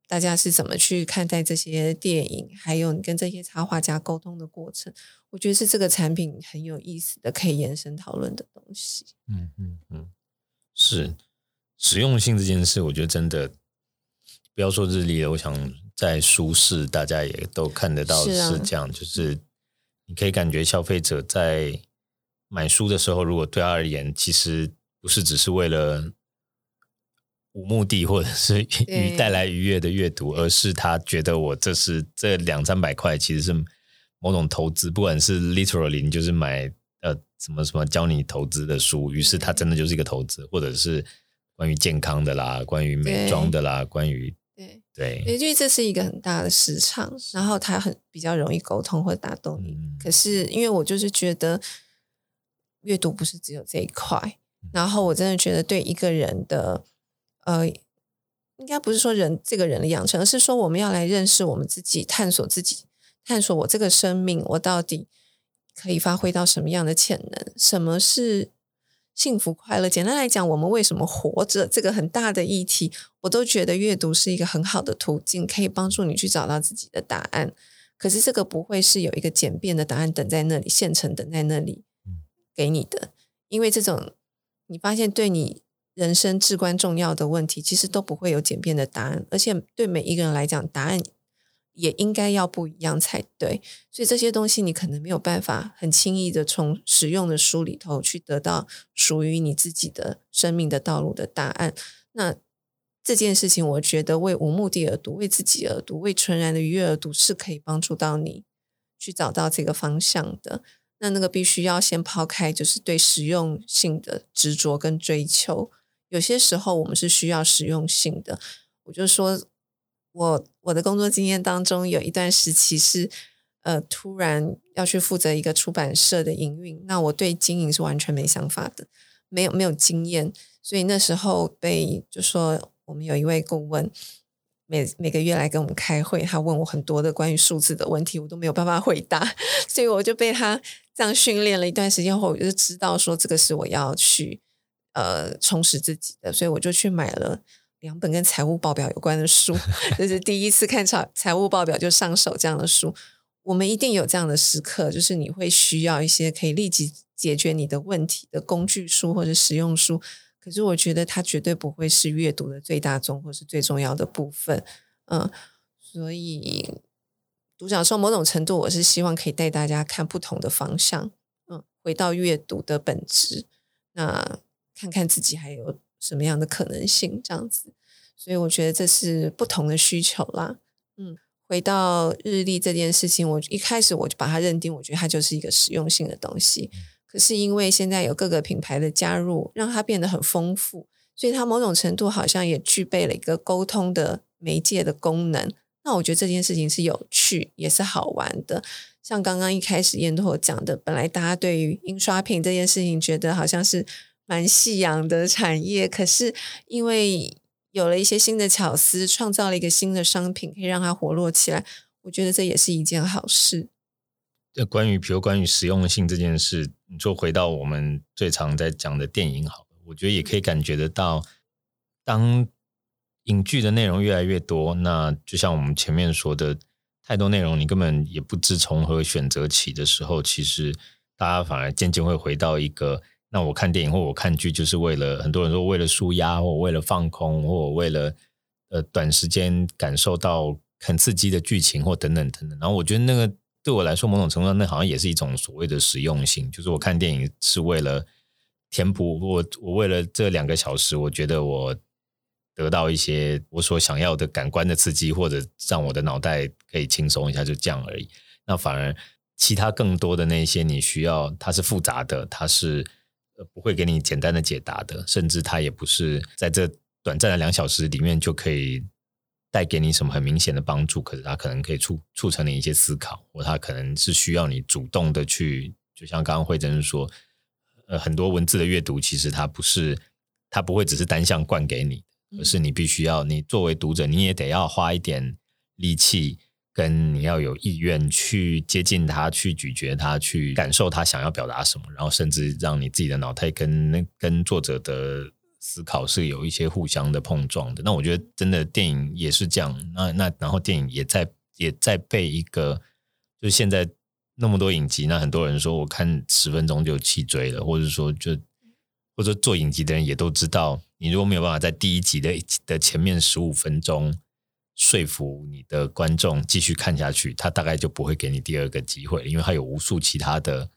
大家是怎麼去看待這些電影，還有你跟這些插畫家溝通的過程，我覺得是這個產品很有意思的，可以延伸討論的東西。嗯嗯嗯，是實用性這件事，我覺得真的不要說日曆了，我想在舒適大家也都看得到是這樣，是啊，就是。你可以感覺消費者在買書的時候，如果對他而言，其實不是只是為了無目的或者是帶來愉悅的閱讀，而是他覺得我這是這兩三百塊其實是某種投資，不管是 literally 你就是買呃什麼什麼教你投資的書，於是他真的就是一個投資，或者是關於健康的啦，關於美妝的啦，關於。對，對，因為這是一個很大的市場，然後他很比較容易溝通或打動你。可是因為我就是覺得閱讀不是只有這一塊，然後我真的覺得對一個人的，呃，應該不是說人這個人的養成，而是說我們要來認識我們自己，探索自己，探索我這個生命，我到底可以發揮到什麼樣的潛能，什麼是，幸福快樂，簡單來講，我們為什麼活着，這個很大的議題，我都覺得閱讀是一個很好的途徑，可以幫助你去找到自己的答案。可是這個不會是有一個簡便的答案等在那裡，現成等在那裡給你的，因為這種你發現對你人生至關重要的問題，其實都不會有簡便的答案，而且對每一個人來講，答案，也應該要不一樣才對，所以這些東西你可能沒有辦法很輕易地從實用的書裡頭去得到屬於你自己的生命的道路的答案。那這件事情，我覺得為無目的而讀，為自己而讀，為純然的愉悅而讀，是可以幫助到你去找到這個方向的。那那個必須要先拋開，就是對實用性的執着跟追求。有些時候我們是需要實用性的，我就說。我我的工作經驗當中有一段時期是，呃，突然要去負責一個出版社的營運，那我對經營是完全沒想法的，沒有沒有經驗，所以那時候被就說我們有一位顧問，每每個月來跟我們開會，他問我很多的關於數字的問題，我都沒有辦法回答，所以我就被他這樣訓練了一段時間後，我就知道說這個是我要去呃充實自己的，所以我就去買了。兩本跟財務報表有關的書，這、就是第一次看財財務報表就上手這樣的書， 我們一定有這樣的時刻，就是你會需要一些可以立即解決你的問題的工具書或者實用書，可是我覺得它絕對不會是閱讀的最大宗或是最重要的部分，嗯，所以獨角獸某種程度我是希望可以帶大家看不同的方向，嗯，回到閱讀的本質，那看看自己還有。什麼樣的可能性這樣子，所以我覺得這是不同的需求啦。嗯，回到日曆這件事情，我一開始我就把它認定，我覺得它就是一個實用性的東西。可是因為現在有各個品牌的加入，讓它變得很豐富，所以它某種程度好像也具備了一個溝通的媒介的功能。那我覺得這件事情是有趣，也是好玩的。像剛剛一開始燕拓講的，本來大家對於印刷品這件事情，覺得好像是。蠻夕陽的產業，可是因為有了一些新的巧思，創造了一個新的商品，可以讓它活絡起來。我覺得這也是一件好事。那關於，比如關於實用性這件事，你就回到我們最常在講的電影好了，我覺得也可以感覺得到，當影劇的內容越來越多，那就像我們前面說的，太多內容你根本也不知從何選擇起的時候，其實大家反而漸漸會回到一個。那我看電影或我看劇，就是為了很多人說為了舒壓，或為了放空，或為了呃短時間感受到很刺激的劇情，或等等等等。然後我覺得那個對我來說，某種程度上，那好像也是一種所謂的實用性，就是我看電影是為了填補我，我為了這兩個小時，我覺得我得到一些我所想要的感官的刺激，或者讓我的腦袋可以輕鬆一下，就這樣而已。那反而其他更多的那些，你需要它是複雜的，它是。不會給你簡單的解答的，甚至他也不是在這短暫的兩小時裡面就可以帶給你什麼很明顯的幫助。可是他可能可以促促成你一些思考，或他可能是需要你主動的去，就像剛剛惠貞說，呃，很多文字的閱讀其實它不是，它不會只是單向灌給你，而是你必須要，你作為讀者，你也得要花一點力氣。跟你要有意願去接近他，去咀嚼他，去感受他想要表達什麼，然後甚至讓你自己的腦袋跟那跟作者的思考是有一些互相的碰撞的。那我覺得，真的電影也是這樣。那那然後電影也在也在被一個，就現在那麼多影集，那很多人說我看十分鐘就棄追了，或者說就或者做影集的人也都知道，你如果沒有辦法在第一集的的前面十五分鐘，說服你的觀眾繼續看下去，他大概就不會給你第二個機會，因為他有無數其他的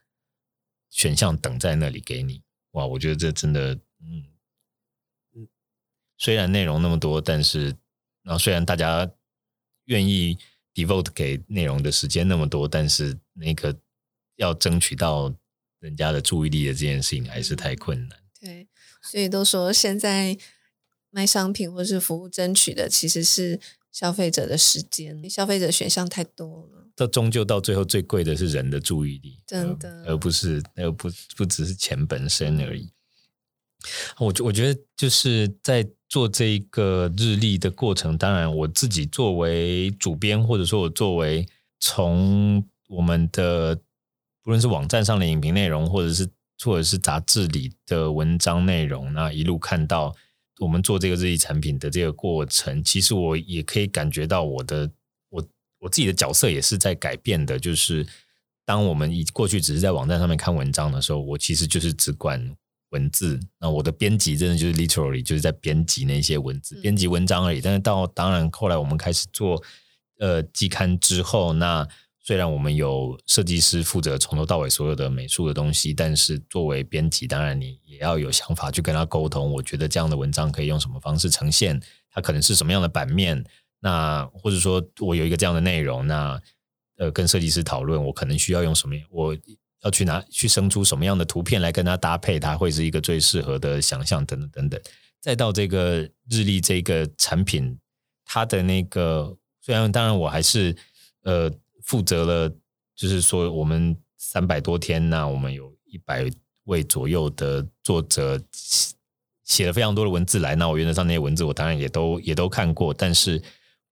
選項等在那裡給你。哇，我覺得這真的，嗯，嗯，雖然內容那麼多，但是，然後雖然大家願意 devote 給內容的時間那麼多，但是那個要爭取到人家的注意力的這件事情還是太困難。對，所以都說現在賣商品或是服務爭取的其實是。消費者的時間，消費者選項太多了，到終究到最後，最貴的是人的注意力，真的，而不是，而不不只是錢本身而已。我我覺得就是在做這一個日曆的過程，當然我自己作為主編，或者說我作為從我們的不論是網站上的影評內容，或者是或者是雜誌裡的文章內容，那一路看到。我們做這個日曆產品的這個過程，其實我也可以感覺到我的我我自己的角色也是在改變的。就是當我們以過去只是在網站上面看文章的時候，我其實就是只管文字。那我的編輯真的就是 literally 就是在編輯那些文字、嗯、編輯文章而已。但是到當然後來我們開始做呃季刊之後，那雖然我們有設計師負責從頭到尾所有的美術的東西，但是作為編輯，當然你也要有想法去跟他溝通。我覺得這樣的文章可以用什麼方式呈現？它可能是什麼樣的版面？那或者說我有一個這樣的內容，那呃，跟設計師討論，我可能需要用什麼？我要去拿去生出什麼樣的圖片來跟他搭配？它會是一個最適合的想象，等等等等。再到這個日曆這個產品，它的那個雖然當然我還是呃。負責了，就是說我們三百多天，那我們有一百位左右的作者寫了非常多的文字來，那我原則上那些文字我當然也都也都看過，但是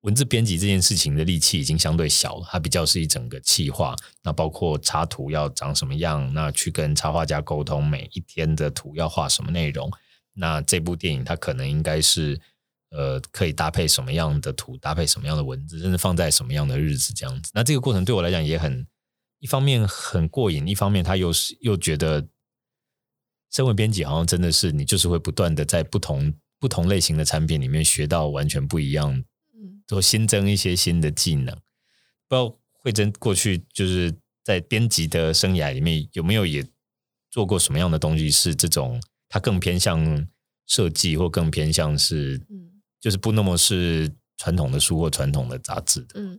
文字編輯這件事情的力氣已經相對小了，它比較是一整個企劃，那包括插圖要長什麼樣，那去跟插畫家溝通，每一天的圖要畫什麼內容，那這部電影它可能應該是。呃，可以搭配什麼樣的圖，搭配什麼樣的文字，甚至放在什麼樣的日子這樣子。那這個過程對我來講也很一方面很過癮，一方面他又是又覺得身為編輯，好像真的是你就是會不斷的在不同不同類型的產品裡面學到完全不一樣，嗯，做新增一些新的技能、嗯。不知道惠貞過去就是在編輯的生涯裡面有沒有也做過什麼樣的東西？是這種他更偏向設計，或更偏向是、嗯？就是不那麼是傳統的書或傳統的雜誌的。嗯，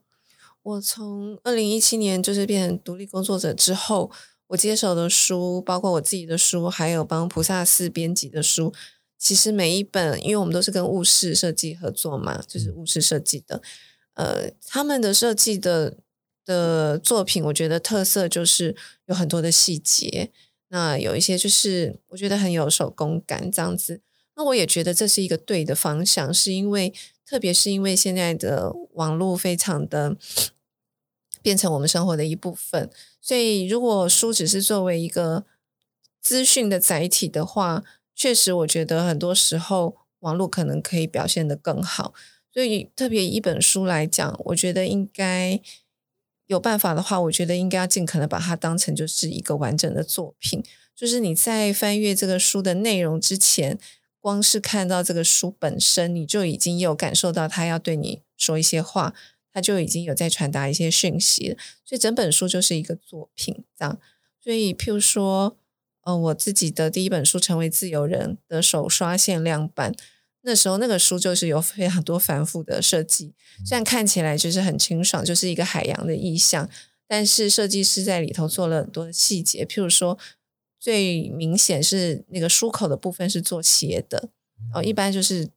我從二零一七年就是變成獨立工作者之後，我接手的書，包括我自己的書，還有幫菩薩寺編輯的書，其實每一本，因為我們都是跟霧室設計合作嘛，嗯、就是霧室設計的，呃，他們的設計的的作品，我覺得特色就是有很多的細節，那有一些就是我覺得很有手工感這樣子。那我也覺得這是一個對的方向，是因為特別是因為現在的網絡非常的變成我們生活的一部分，所以如果書只是作為一個資訊的載體的話，確實我覺得很多時候網絡可能可以表現得更好。所以特別以一本書來講，我覺得應該有辦法的話，我覺得應該要盡可能把它當成就是一個完整的作品，就是你在翻閱這個書的內容之前。光是看到這個書本身，你就已經有感受到他要對你說一些話，他就已經有在傳達一些訊息。所以整本書就是一個作品這樣。所以譬如說，呃，我自己的第一本書《成為自由人》的首刷限量版，那時候那個書就是有非常多繁複的設計。雖然看起來就是很清爽，就是一個海洋的意象，但是設計師在裡頭做了很多的細節，譬如說。最明顯是那個書口的部分是做斜的，哦，一般就是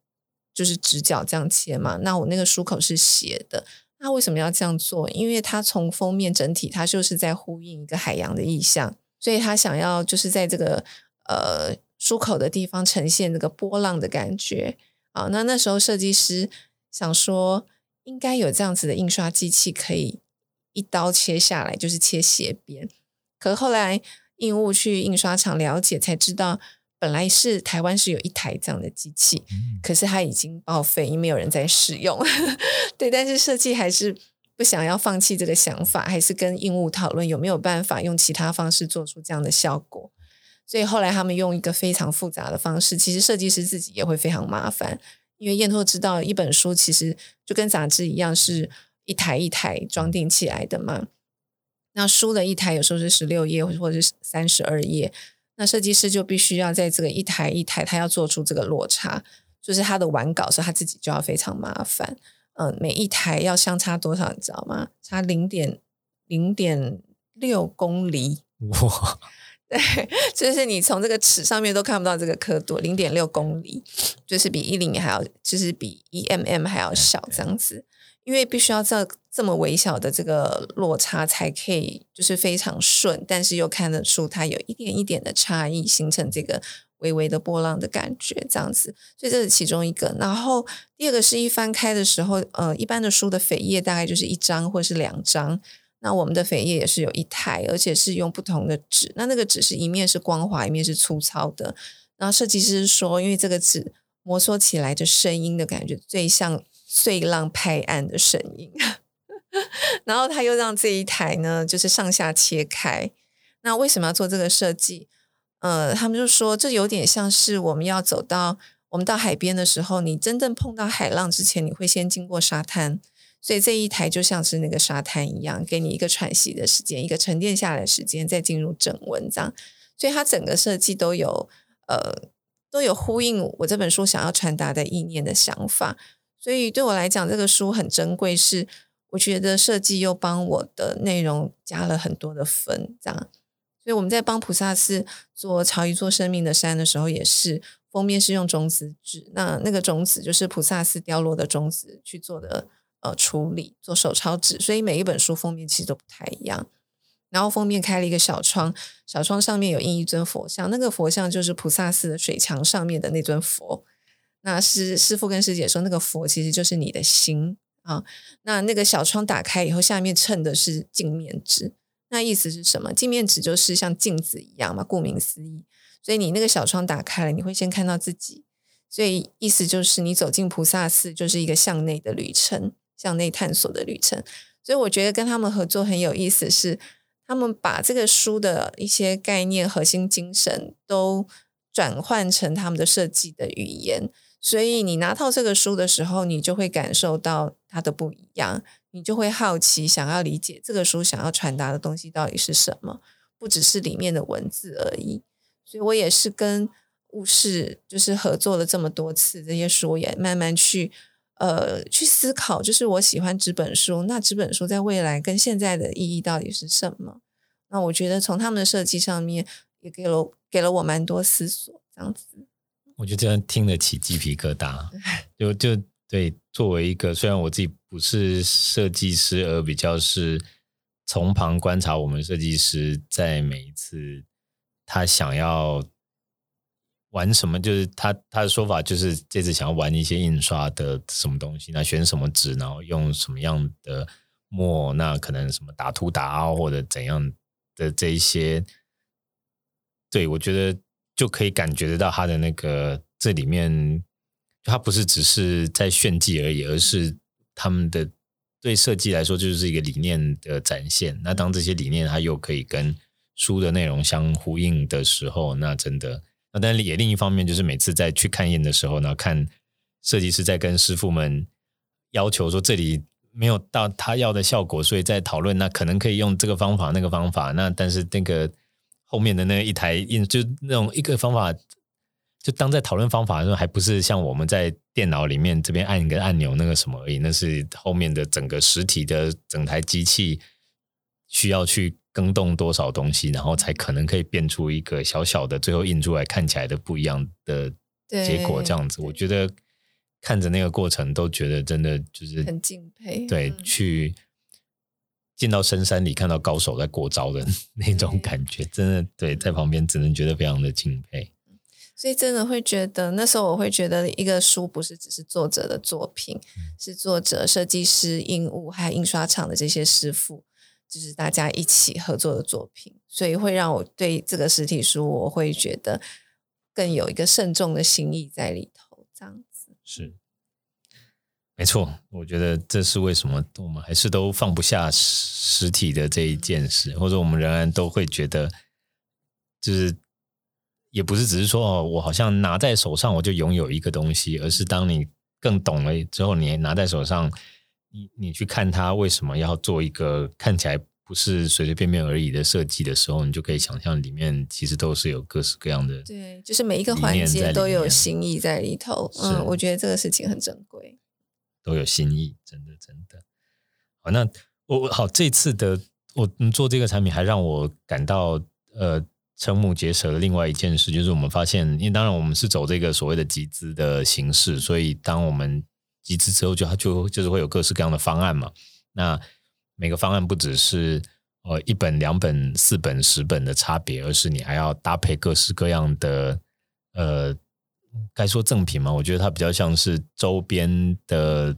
就是直角這樣切嘛。那我那個書口是斜的，那為什麼要這樣做？因為它從封面整體，它就是在呼應一個海洋的意象，所以他想要就是在這個呃書口的地方呈現這個波浪的感覺。啊，那那時候設計師想說，應該有這樣子的印刷機器可以一刀切下來，就是切斜邊，可後來。印務去印刷廠了解，才知道本來是台灣是有一台這樣的機器，可是它已經報廢，因為沒有人在使用。 對，但是設計還是不想要放棄這個想法，還是跟印務討論有沒有辦法用其他方式做出這樣的效果。所以後來他們用一個非常複雜的方式，其實設計師自己也會非常麻煩，因為硯拓知道一本書其實就跟雜誌一樣，是一台一台裝訂起來的嘛。那書的一台，有時候是十六頁，或者是三十二頁。那設計師就必須要在這個一台一台，他要做出這個落差，就是他的完稿時候，所以他自己就要非常麻煩。嗯，每一台要相差多少，你知道嗎？差零點零點六公釐。哇 就是你從這個尺上面都看不到這個刻度，零點六公里，就是比一厘米還要，就是比一 mm 還要小這樣子。因為必須要這這麼微小的這個落差，才可以就是非常順，但是又看得出它有一點一點的差異，形成這個微微的波浪的感覺這樣子。所以這是其中一個。然後第二個是一翻開的時候，呃，一般的書的扉頁大概就是一張或是兩張。那我們的扉頁也是有一台，而且是用不同的紙。那那個紙是一面是光滑，一面是粗糙的。然後設計師說，因為這個紙摩挲起來的聲音的感覺最像碎浪拍岸的聲音。 然後他又讓這一台呢，就是上下切開。那為什麼要做這個設計？呃，他們就說這有點像是我們要走到我們到海邊的時候，你真正碰到海浪之前，你會先經過沙灘。所以這一台就像是那個沙灘一樣，給你一個喘息的時間，一個沉澱下來的時間，再進入正文章。所以它整個設計都有呃都有呼應我這本書想要傳達的意念的想法。所以對我來講，這個書很珍貴是，是我覺得設計又幫我的內容加了很多的分。這樣，所以我們在幫菩薩寺做《朝一座生命的山》的時候，也是封面是用種子紙，那那個種子就是菩薩寺掉落的種子去做的。呃，處理做手抄紙，所以每一本書封面其實都不太一樣。然後封面開了一個小窗，小窗上面有印一尊佛像，那個佛像就是菩薩寺的水牆上面的那尊佛。那師師父跟師姐說，那個佛其實就是你的心啊。那那個小窗打開以後，下面襯的是鏡面紙，那意思是什麼？鏡面紙就是像鏡子一樣嘛，顧名思義。所以你那個小窗打開了，你會先看到自己。所以意思就是，你走進菩薩寺就是一個向內的旅程。向內探索的旅程，所以我覺得跟他們合作很有意思是，是他們把這個書的一些概念、核心精神都轉換成他們的設計的語言。所以你拿到這個書的時候，你就會感受到它的不一樣，你就會好奇，想要理解這個書想要傳達的東西到底是什麼，不只是裡面的文字而已。所以我也是跟霧室就是合作了這麼多次，這些書也慢慢去，呃，去思考，就是我喜歡紙本書，那紙本書在未來跟現在的意義到底是什麼？那我覺得從他們的設計上面，也給了給了我蠻多思索，這樣子。我覺得這樣聽得起雞皮疙瘩，就就對，作為一個雖然我自己不是設計師，而比較是從旁觀察我們設計師在每一次他想要。玩什麼？就是他他的說法，就是這次想要玩一些印刷的什麼東西，那選什麼紙，然後用什麼樣的墨？那可能什麼打凸打凹或者怎樣的這一些，對，我覺得就可以感覺得到他的那個這裡面，他不是只是在炫技而已，而是他們的對設計來說就是一個理念的展現。那當這些理念他又可以跟書的內容相呼應的時候，那真的。那但也另一方面，就是每次在去看印的時候呢，看設計師在跟師傅們要求說，這裡沒有到他要的效果，所以在討論那可能可以用這個方法、那個方法。那但是那個後面的那一台印，就那種一個方法，就當在討論方法的時候，還不是像我們在電腦裡面這邊按一個按鈕那個什麼而已，那是後面的整個實體的整台機器需要去更動多少東西，然後才可能可以變出一個小小的，最後印出來看起來的不一樣的結果。這樣子，我覺得看着那個過程都覺得真的就是很敬佩。對、嗯，去進到深山裡，看到高手在過招的那種感覺，真的對，在旁邊只能覺得非常的敬佩。所以真的會覺得，那時候我會覺得，一個書不是只是作者的作品，嗯、是作者、設計師、印務還有印刷廠的這些師傅。就是大家一起合作的作品，所以會讓我對這個實體書，我會覺得更有一個慎重的心意在裡頭。這樣子是沒錯，我覺得這是為什麼我們還是都放不下實體的這一件事，或者我們仍然都會覺得，就是也不是只是說哦，我好像拿在手上我就擁有一個東西，而是當你更懂了之後，你還拿在手上。你你去看它為什麼要做一個看起來不是隨隨便便而已的設計的時候，你就可以想象裡面其實都是有各式各樣的。對，就是每一個環節都有心意在裡頭。嗯，我覺得這個事情很珍貴，都有心意，真的真的。好，那我好這次的我做這個產品還讓我感到呃瞠目結舌的另外一件事就是我們發現，因為當然我們是走這個所謂的集資的形式，所以當我們。集資之後就就就是會有各式各樣的方案嘛。那每個方案不只是呃一本兩本四本十本的差別，而是你還要搭配各式各樣的呃，該說贈品嘛，我覺得它比較像是周邊的，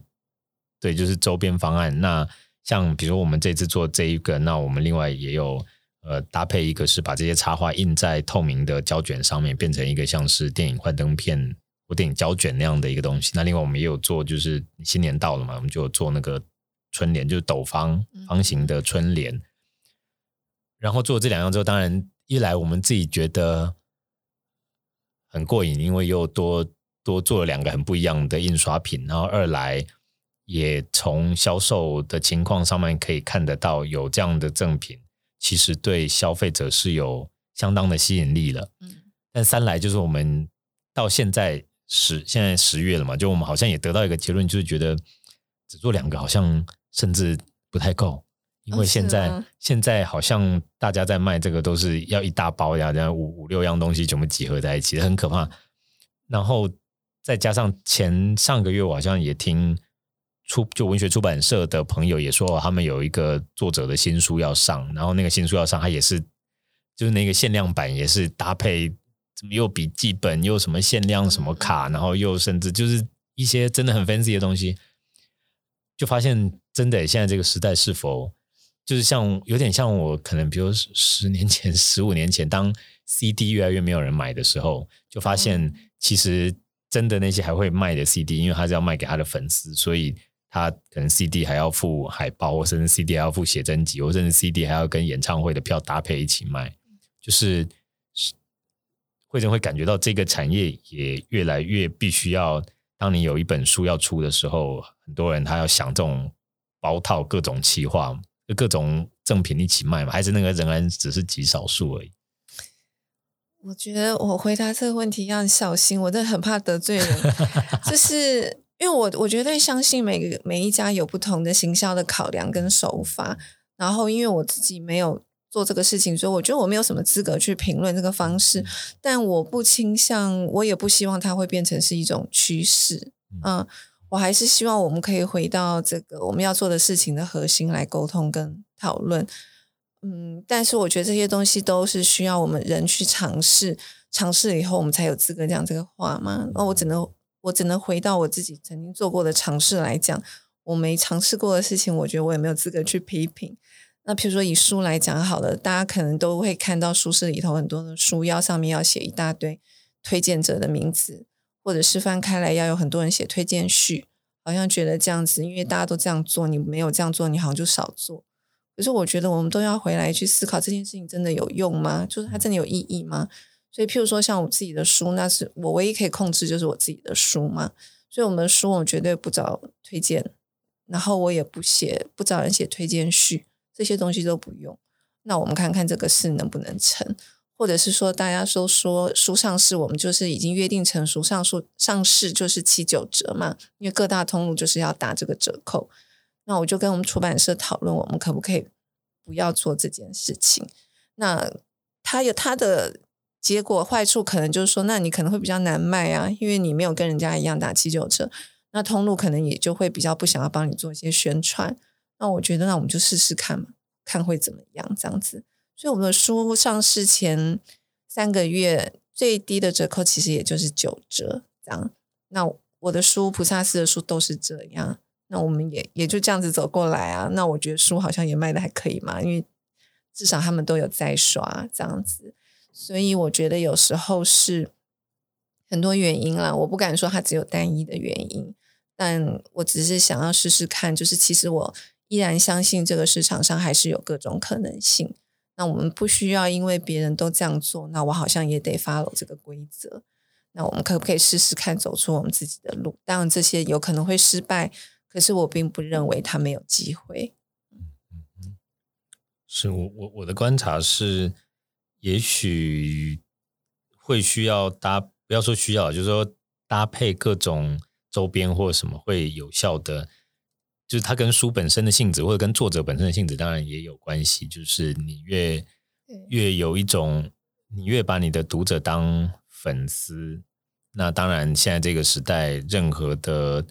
對，就是周邊方案。那像比如我們這次做這一個，那我們另外也有呃搭配一個是把這些插畫印在透明的膠卷上面，變成一個像是電影幻燈片。我電影膠卷那樣的一個東西。那另外我們也有做，就是新年到了嘛，我們就有做那個春聯，就是斗方方形的春聯。嗯嗯，然後做這兩樣之後，當然一來我們自己覺得很過癮，因為又多多做了兩個很不一樣的印刷品。然後二來也從銷售的情況上面可以看得到，有這樣的贈品，其實對消費者是有相當的吸引力了。嗯。但三來就是我們到現在，十現在十月了嘛，就我們好像也得到一個結論，就是覺得只做兩個好像甚至不太夠，因為現在、哦啊、現在好像大家在賣這個都是要一大包呀，然後五五六樣東西全部集合在一起，很可怕。然後再加上前上個月，我好像也聽出就文學出版社的朋友也說，他們有一個作者的新書要上，然後那個新書要上，它也是就是那個限量版，也是搭配。怎麼又筆記本又什麼限量什麼卡，然後又甚至就是一些真的很 fancy 的東西，就發現真的、欸、現在這個時代是否就是像有點像我可能比如十年前十五年前，當 CD 越來越沒有人買的時候，就發現其實真的那些還會賣的 CD，因為他是要賣給他的粉絲，所以他可能 CD 還要附海報，或甚至 CD 還要附寫真集，或甚至 CD 還要跟演唱會的票搭配一起賣，就是。惠貞會感覺到這個產業也越來越必須要，當你有一本書要出的時候，很多人他要想這種包套、各種企劃、各種贈品一起賣嘛，還是那個仍然只是極少數而已？我覺得我回答這個問題要小心，我真的很怕得罪人， 就是因為我，我絕對相信每個每一家有不同的行銷的考量跟手法，然後因為我自己沒有。做這個事情，所以我覺得我沒有什麼資格去評論這個方式，但我不傾向，我也不希望它會變成是一種趨勢。嗯、啊，我還是希望我們可以回到這個我們要做的事情的核心來溝通跟討論。嗯，但是我覺得這些東西都是需要我們人去嘗試，嘗試了以後我們才有資格講這個話嘛。那、啊、我只能，我只能回到我自己曾經做過的嘗試來講，我沒嘗試過的事情，我覺得我也沒有資格去批評。那譬如說以書來講好了，大家可能都會看到書市裡頭很多的書腰上面要寫一大堆推薦者的名字，或者是翻開來要有很多人寫推薦序，好像覺得這樣子，因為大家都這樣做，你沒有這樣做，你好像就少做。可是我覺得我們都要回來去思考這件事情真的有用嗎？就是它真的有意義嗎？所以譬如說像我自己的書，那是我唯一可以控制就是我自己的書嘛，所以我們的書我絕對不找推薦，然後我也不寫，不找人寫推薦序。這些東西都不用，那我們看看這個事能不能成，或者是說大家都說書上市，我們就是已經約定成書上書上市上市就是七九折嘛，因為各大通路就是要打這個折扣，那我就跟我們出版社討論，我們可不可以不要做這件事情？那他有他的結果壞處，可能就是說，那你可能會比較難賣啊，因為你沒有跟人家一樣打七九折，那通路可能也就會比較不想要幫你做一些宣傳。那我覺得，那我們就試試看嘛，看會怎麼樣這樣子。所以我們的書上市前三個月最低的折扣其實也就是九折這樣。那我的書、菩薩斯的書都是這樣。那我們也也就這樣子走過來啊。那我覺得書好像也賣得還可以嘛，因為至少他們都有在刷這樣子。所以我覺得有時候是很多原因啦，我不敢說它只有單一的原因，但我只是想要試試看，就是其實我。依然相信這個市場上還是有各種可能性。那我們不需要因為別人都這樣做，那我好像也得 follow 這個規則。那我們可不可以試試看走出我們自己的路？當然，這些有可能會失敗，可是我並不認為它沒有機會。嗯嗯，是我我我的觀察是，也許會需要搭，不要說需要，就是說搭配各種周邊或什麼會有效的。就是它跟書本身的性質，或者跟作者本身的性質，當然也有關係。就是你越越有一種，你越把你的讀者當粉絲，那當然現在這個時代，任何的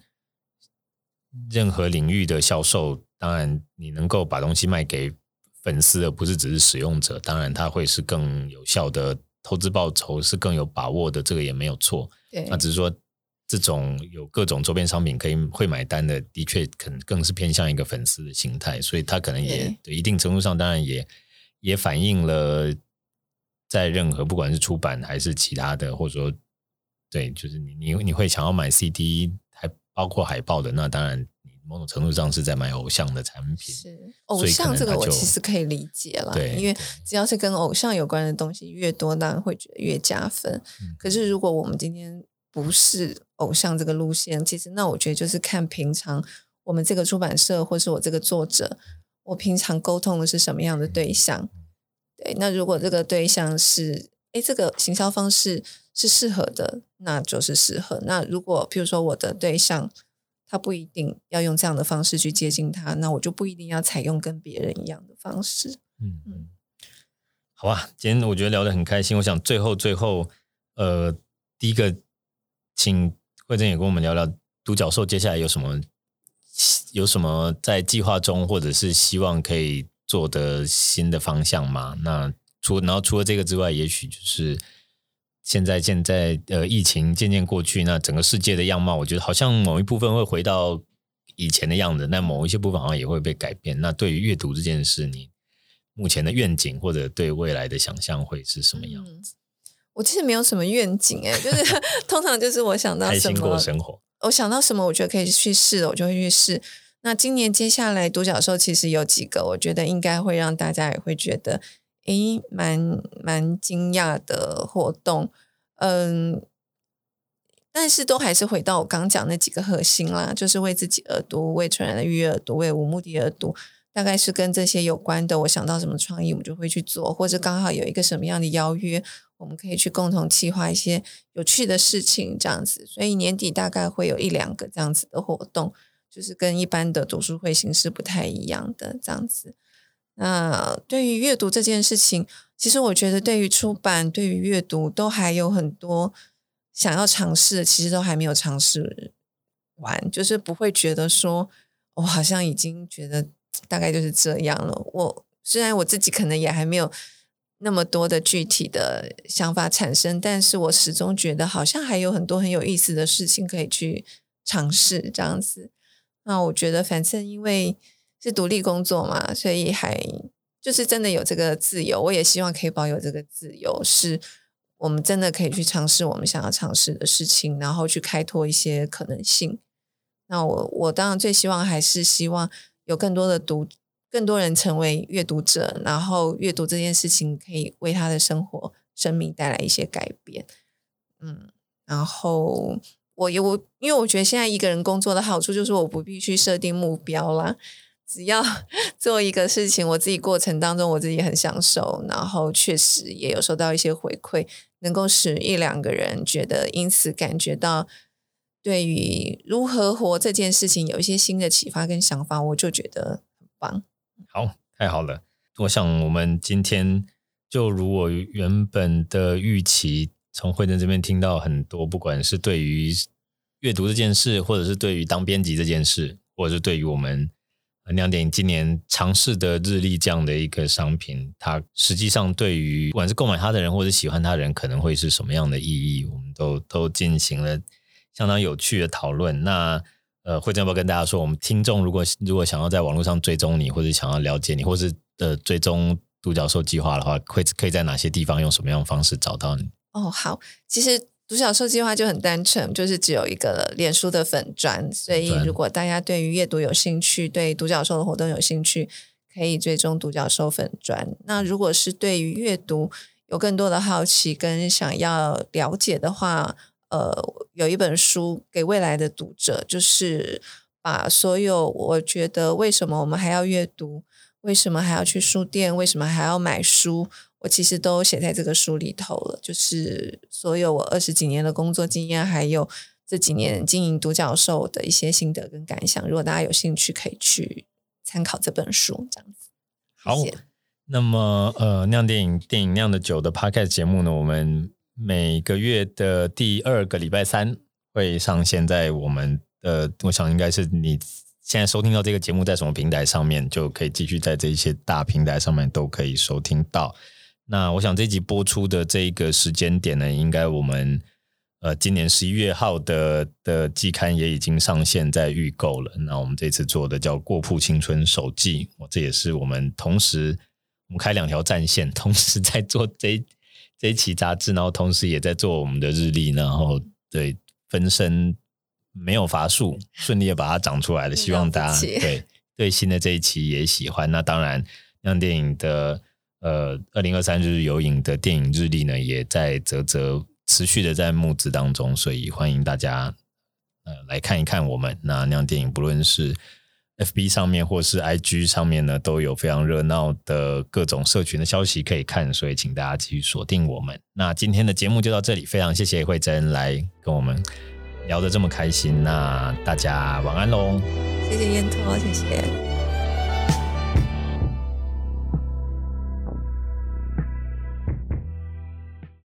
任何領域的銷售，當然你能夠把東西賣給粉絲的，不是只是使用者，當然它會是更有效的投資報酬，是更有把握的，這個也沒有錯。對，那只是說。這種有各種周邊商品可以會買單的，的確可能更是偏向一個粉絲的心態，所以他可能也、嗯、對一定程度上，當然也也反映了在任何不管是出版還是其他的，或者說對，就是你你你會想要買 CD，還包括海報的，那當然某種程度上是在買偶像的產品。是偶像，這個我其實可以理解了，因為只要是跟偶像有關的東西越多，當然會覺得越加分。嗯、可是如果我們今天，不是偶像這個路線，其實那我覺得就是看平常我們這個出版社，或是我這個作者，我平常溝通的是什麼樣的對象。對，那如果這個對象是，誒，這個行銷方式是適合的，那就是適合。那如果譬如說我的對象他不一定要用這樣的方式去接近他，那我就不一定要採用跟別人一樣的方式。嗯嗯，好啊，今天呢，我覺得聊得很開心。我想最後最後，呃，第一個。請惠貞也跟我們聊聊獨角獸接下來有什麼、有什麼在計劃中，或者是希望可以做的新的方向嗎？那除然後除了這個之外，也許就是現在現在呃疫情漸漸過去，那整個世界的樣貌，我覺得好像某一部分會回到以前的樣子，那某一些部分好像也會被改變。那對於閱讀這件事，你目前的願景或者對未來的想象會是什麼樣子？嗯我其實沒有什麼願景誒、欸，就是通常就是我想到什麼， 愛過生活，我想到什麼，我覺得可以去試的，我就會去試。那今年接下來獨角獸其實有幾個，我覺得應該會讓大家也會覺得，誒，蠻蠻，蠻驚訝的活動。嗯，但是都還是回到我剛講那幾個核心啦，就是為自己而讀，為純然的愉悅而讀，為無目的而讀，大概是跟這些有關的。我想到什麼創意，我就會去做，或者剛好有一個什麼樣的邀約。我們可以去共同計劃一些有趣的事情，這樣子。所以年底大概會有一兩個這樣子的活動，就是跟一般的讀書會形式不太一樣的這樣子。那對於閱讀這件事情，其實我覺得對於出版、對於閱讀都還有很多想要嘗試，其實都還沒有嘗試完，就是不會覺得說我好像已經覺得大概就是這樣了。我雖然我自己可能也還沒有。那麼多的具體的想法產生，但是我始終覺得好像還有很多很有意思的事情可以去嘗試這樣子。那我覺得，反正因為是獨立工作嘛，所以還就是真的有這個自由。我也希望可以保有這個自由，是我們真的可以去嘗試我們想要嘗試的事情，然後去開拓一些可能性。那我我當然最希望還是希望有更多的獨。更多人成為閱讀者，然後閱讀這件事情可以為他的生活、生命帶來一些改變。嗯，然後我也我因為我覺得現在一個人工作的好處就是我不必去設定目標啦，只要做一個事情，我自己過程當中我自己很享受，然後確實也有收到一些回饋，能夠使一兩個人覺得，因此感覺到對於如何活這件事情有一些新的啟發跟想法，我就覺得很棒。好，太好了！我想我們今天就如我原本的預期，從惠貞這邊聽到很多，不管是對於閱讀這件事，或者是對於當編輯這件事，或者是對於我們釀電影今年嘗試的日曆這樣的一個商品，它實際上對於不管是購買它的人，或者是喜歡它的人，可能會是什麼樣的意義，我們都都進行了相當有趣的討論。那呃，會要不要跟大家說，我們聽眾如果如果想要在網絡上追蹤你，或者想要了解你，或是呃追蹤獨角獸計劃的話，可以，可以在哪些地方用什麼樣的方式找到你？哦，好，其實獨角獸計劃就很單純，就是只有一個臉書的粉專，所以如果大家對於閱讀有興趣，對獨角獸的活動有興趣，可以追蹤獨角獸粉專。那如果是對於閱讀有更多的好奇跟想要了解的話，呃。有一本書給未來的讀者，就是把所有我覺得為什麼我們還要閱讀，為什麼還要去書店，為什麼還要買書，我其實都寫在這個書裡頭了。就是所有我二十幾年的工作經驗，還有這幾年經營獨角獸的一些心得跟感想。如果大家有興趣，可以去參考這本書，這樣子。好，謝謝。那麼呃，釀電影電影釀的酒的 Podcast 節目呢，我們，每個月的第二個禮拜三會上線，在我們的，我想應該是你現在收聽到這個節目，在什麼平台上面就可以繼續，在這些大平台上面都可以收聽到。那我想這集播出的這個時間點呢，應該我們呃今年十一月號的的季刊也已經上線在預購了。那我們這次做的叫《過曝青春》手記，我這也是我們同時我們開兩條戰線，同時在做這。這一期雜誌，然後同時也在做我們的日曆，然後對，分身沒有乏術，順利的把它長出來了。希望大家對對新的這一期也喜歡。那當然，釀電影的呃二零二三日日有影的電影日曆呢，也在嘖嘖持續的在募資當中，所以歡迎大家呃來看一看我們那釀電影，不論是，F B 上面或是 I G 上面呢，都有非常熱鬧的各種社群的消息可以看，所以請大家繼續鎖定我們。那今天的節目就到這裡，非常謝謝惠貞來跟我們聊得這麼開心，那大家晚安嘍！謝謝煙托，謝謝。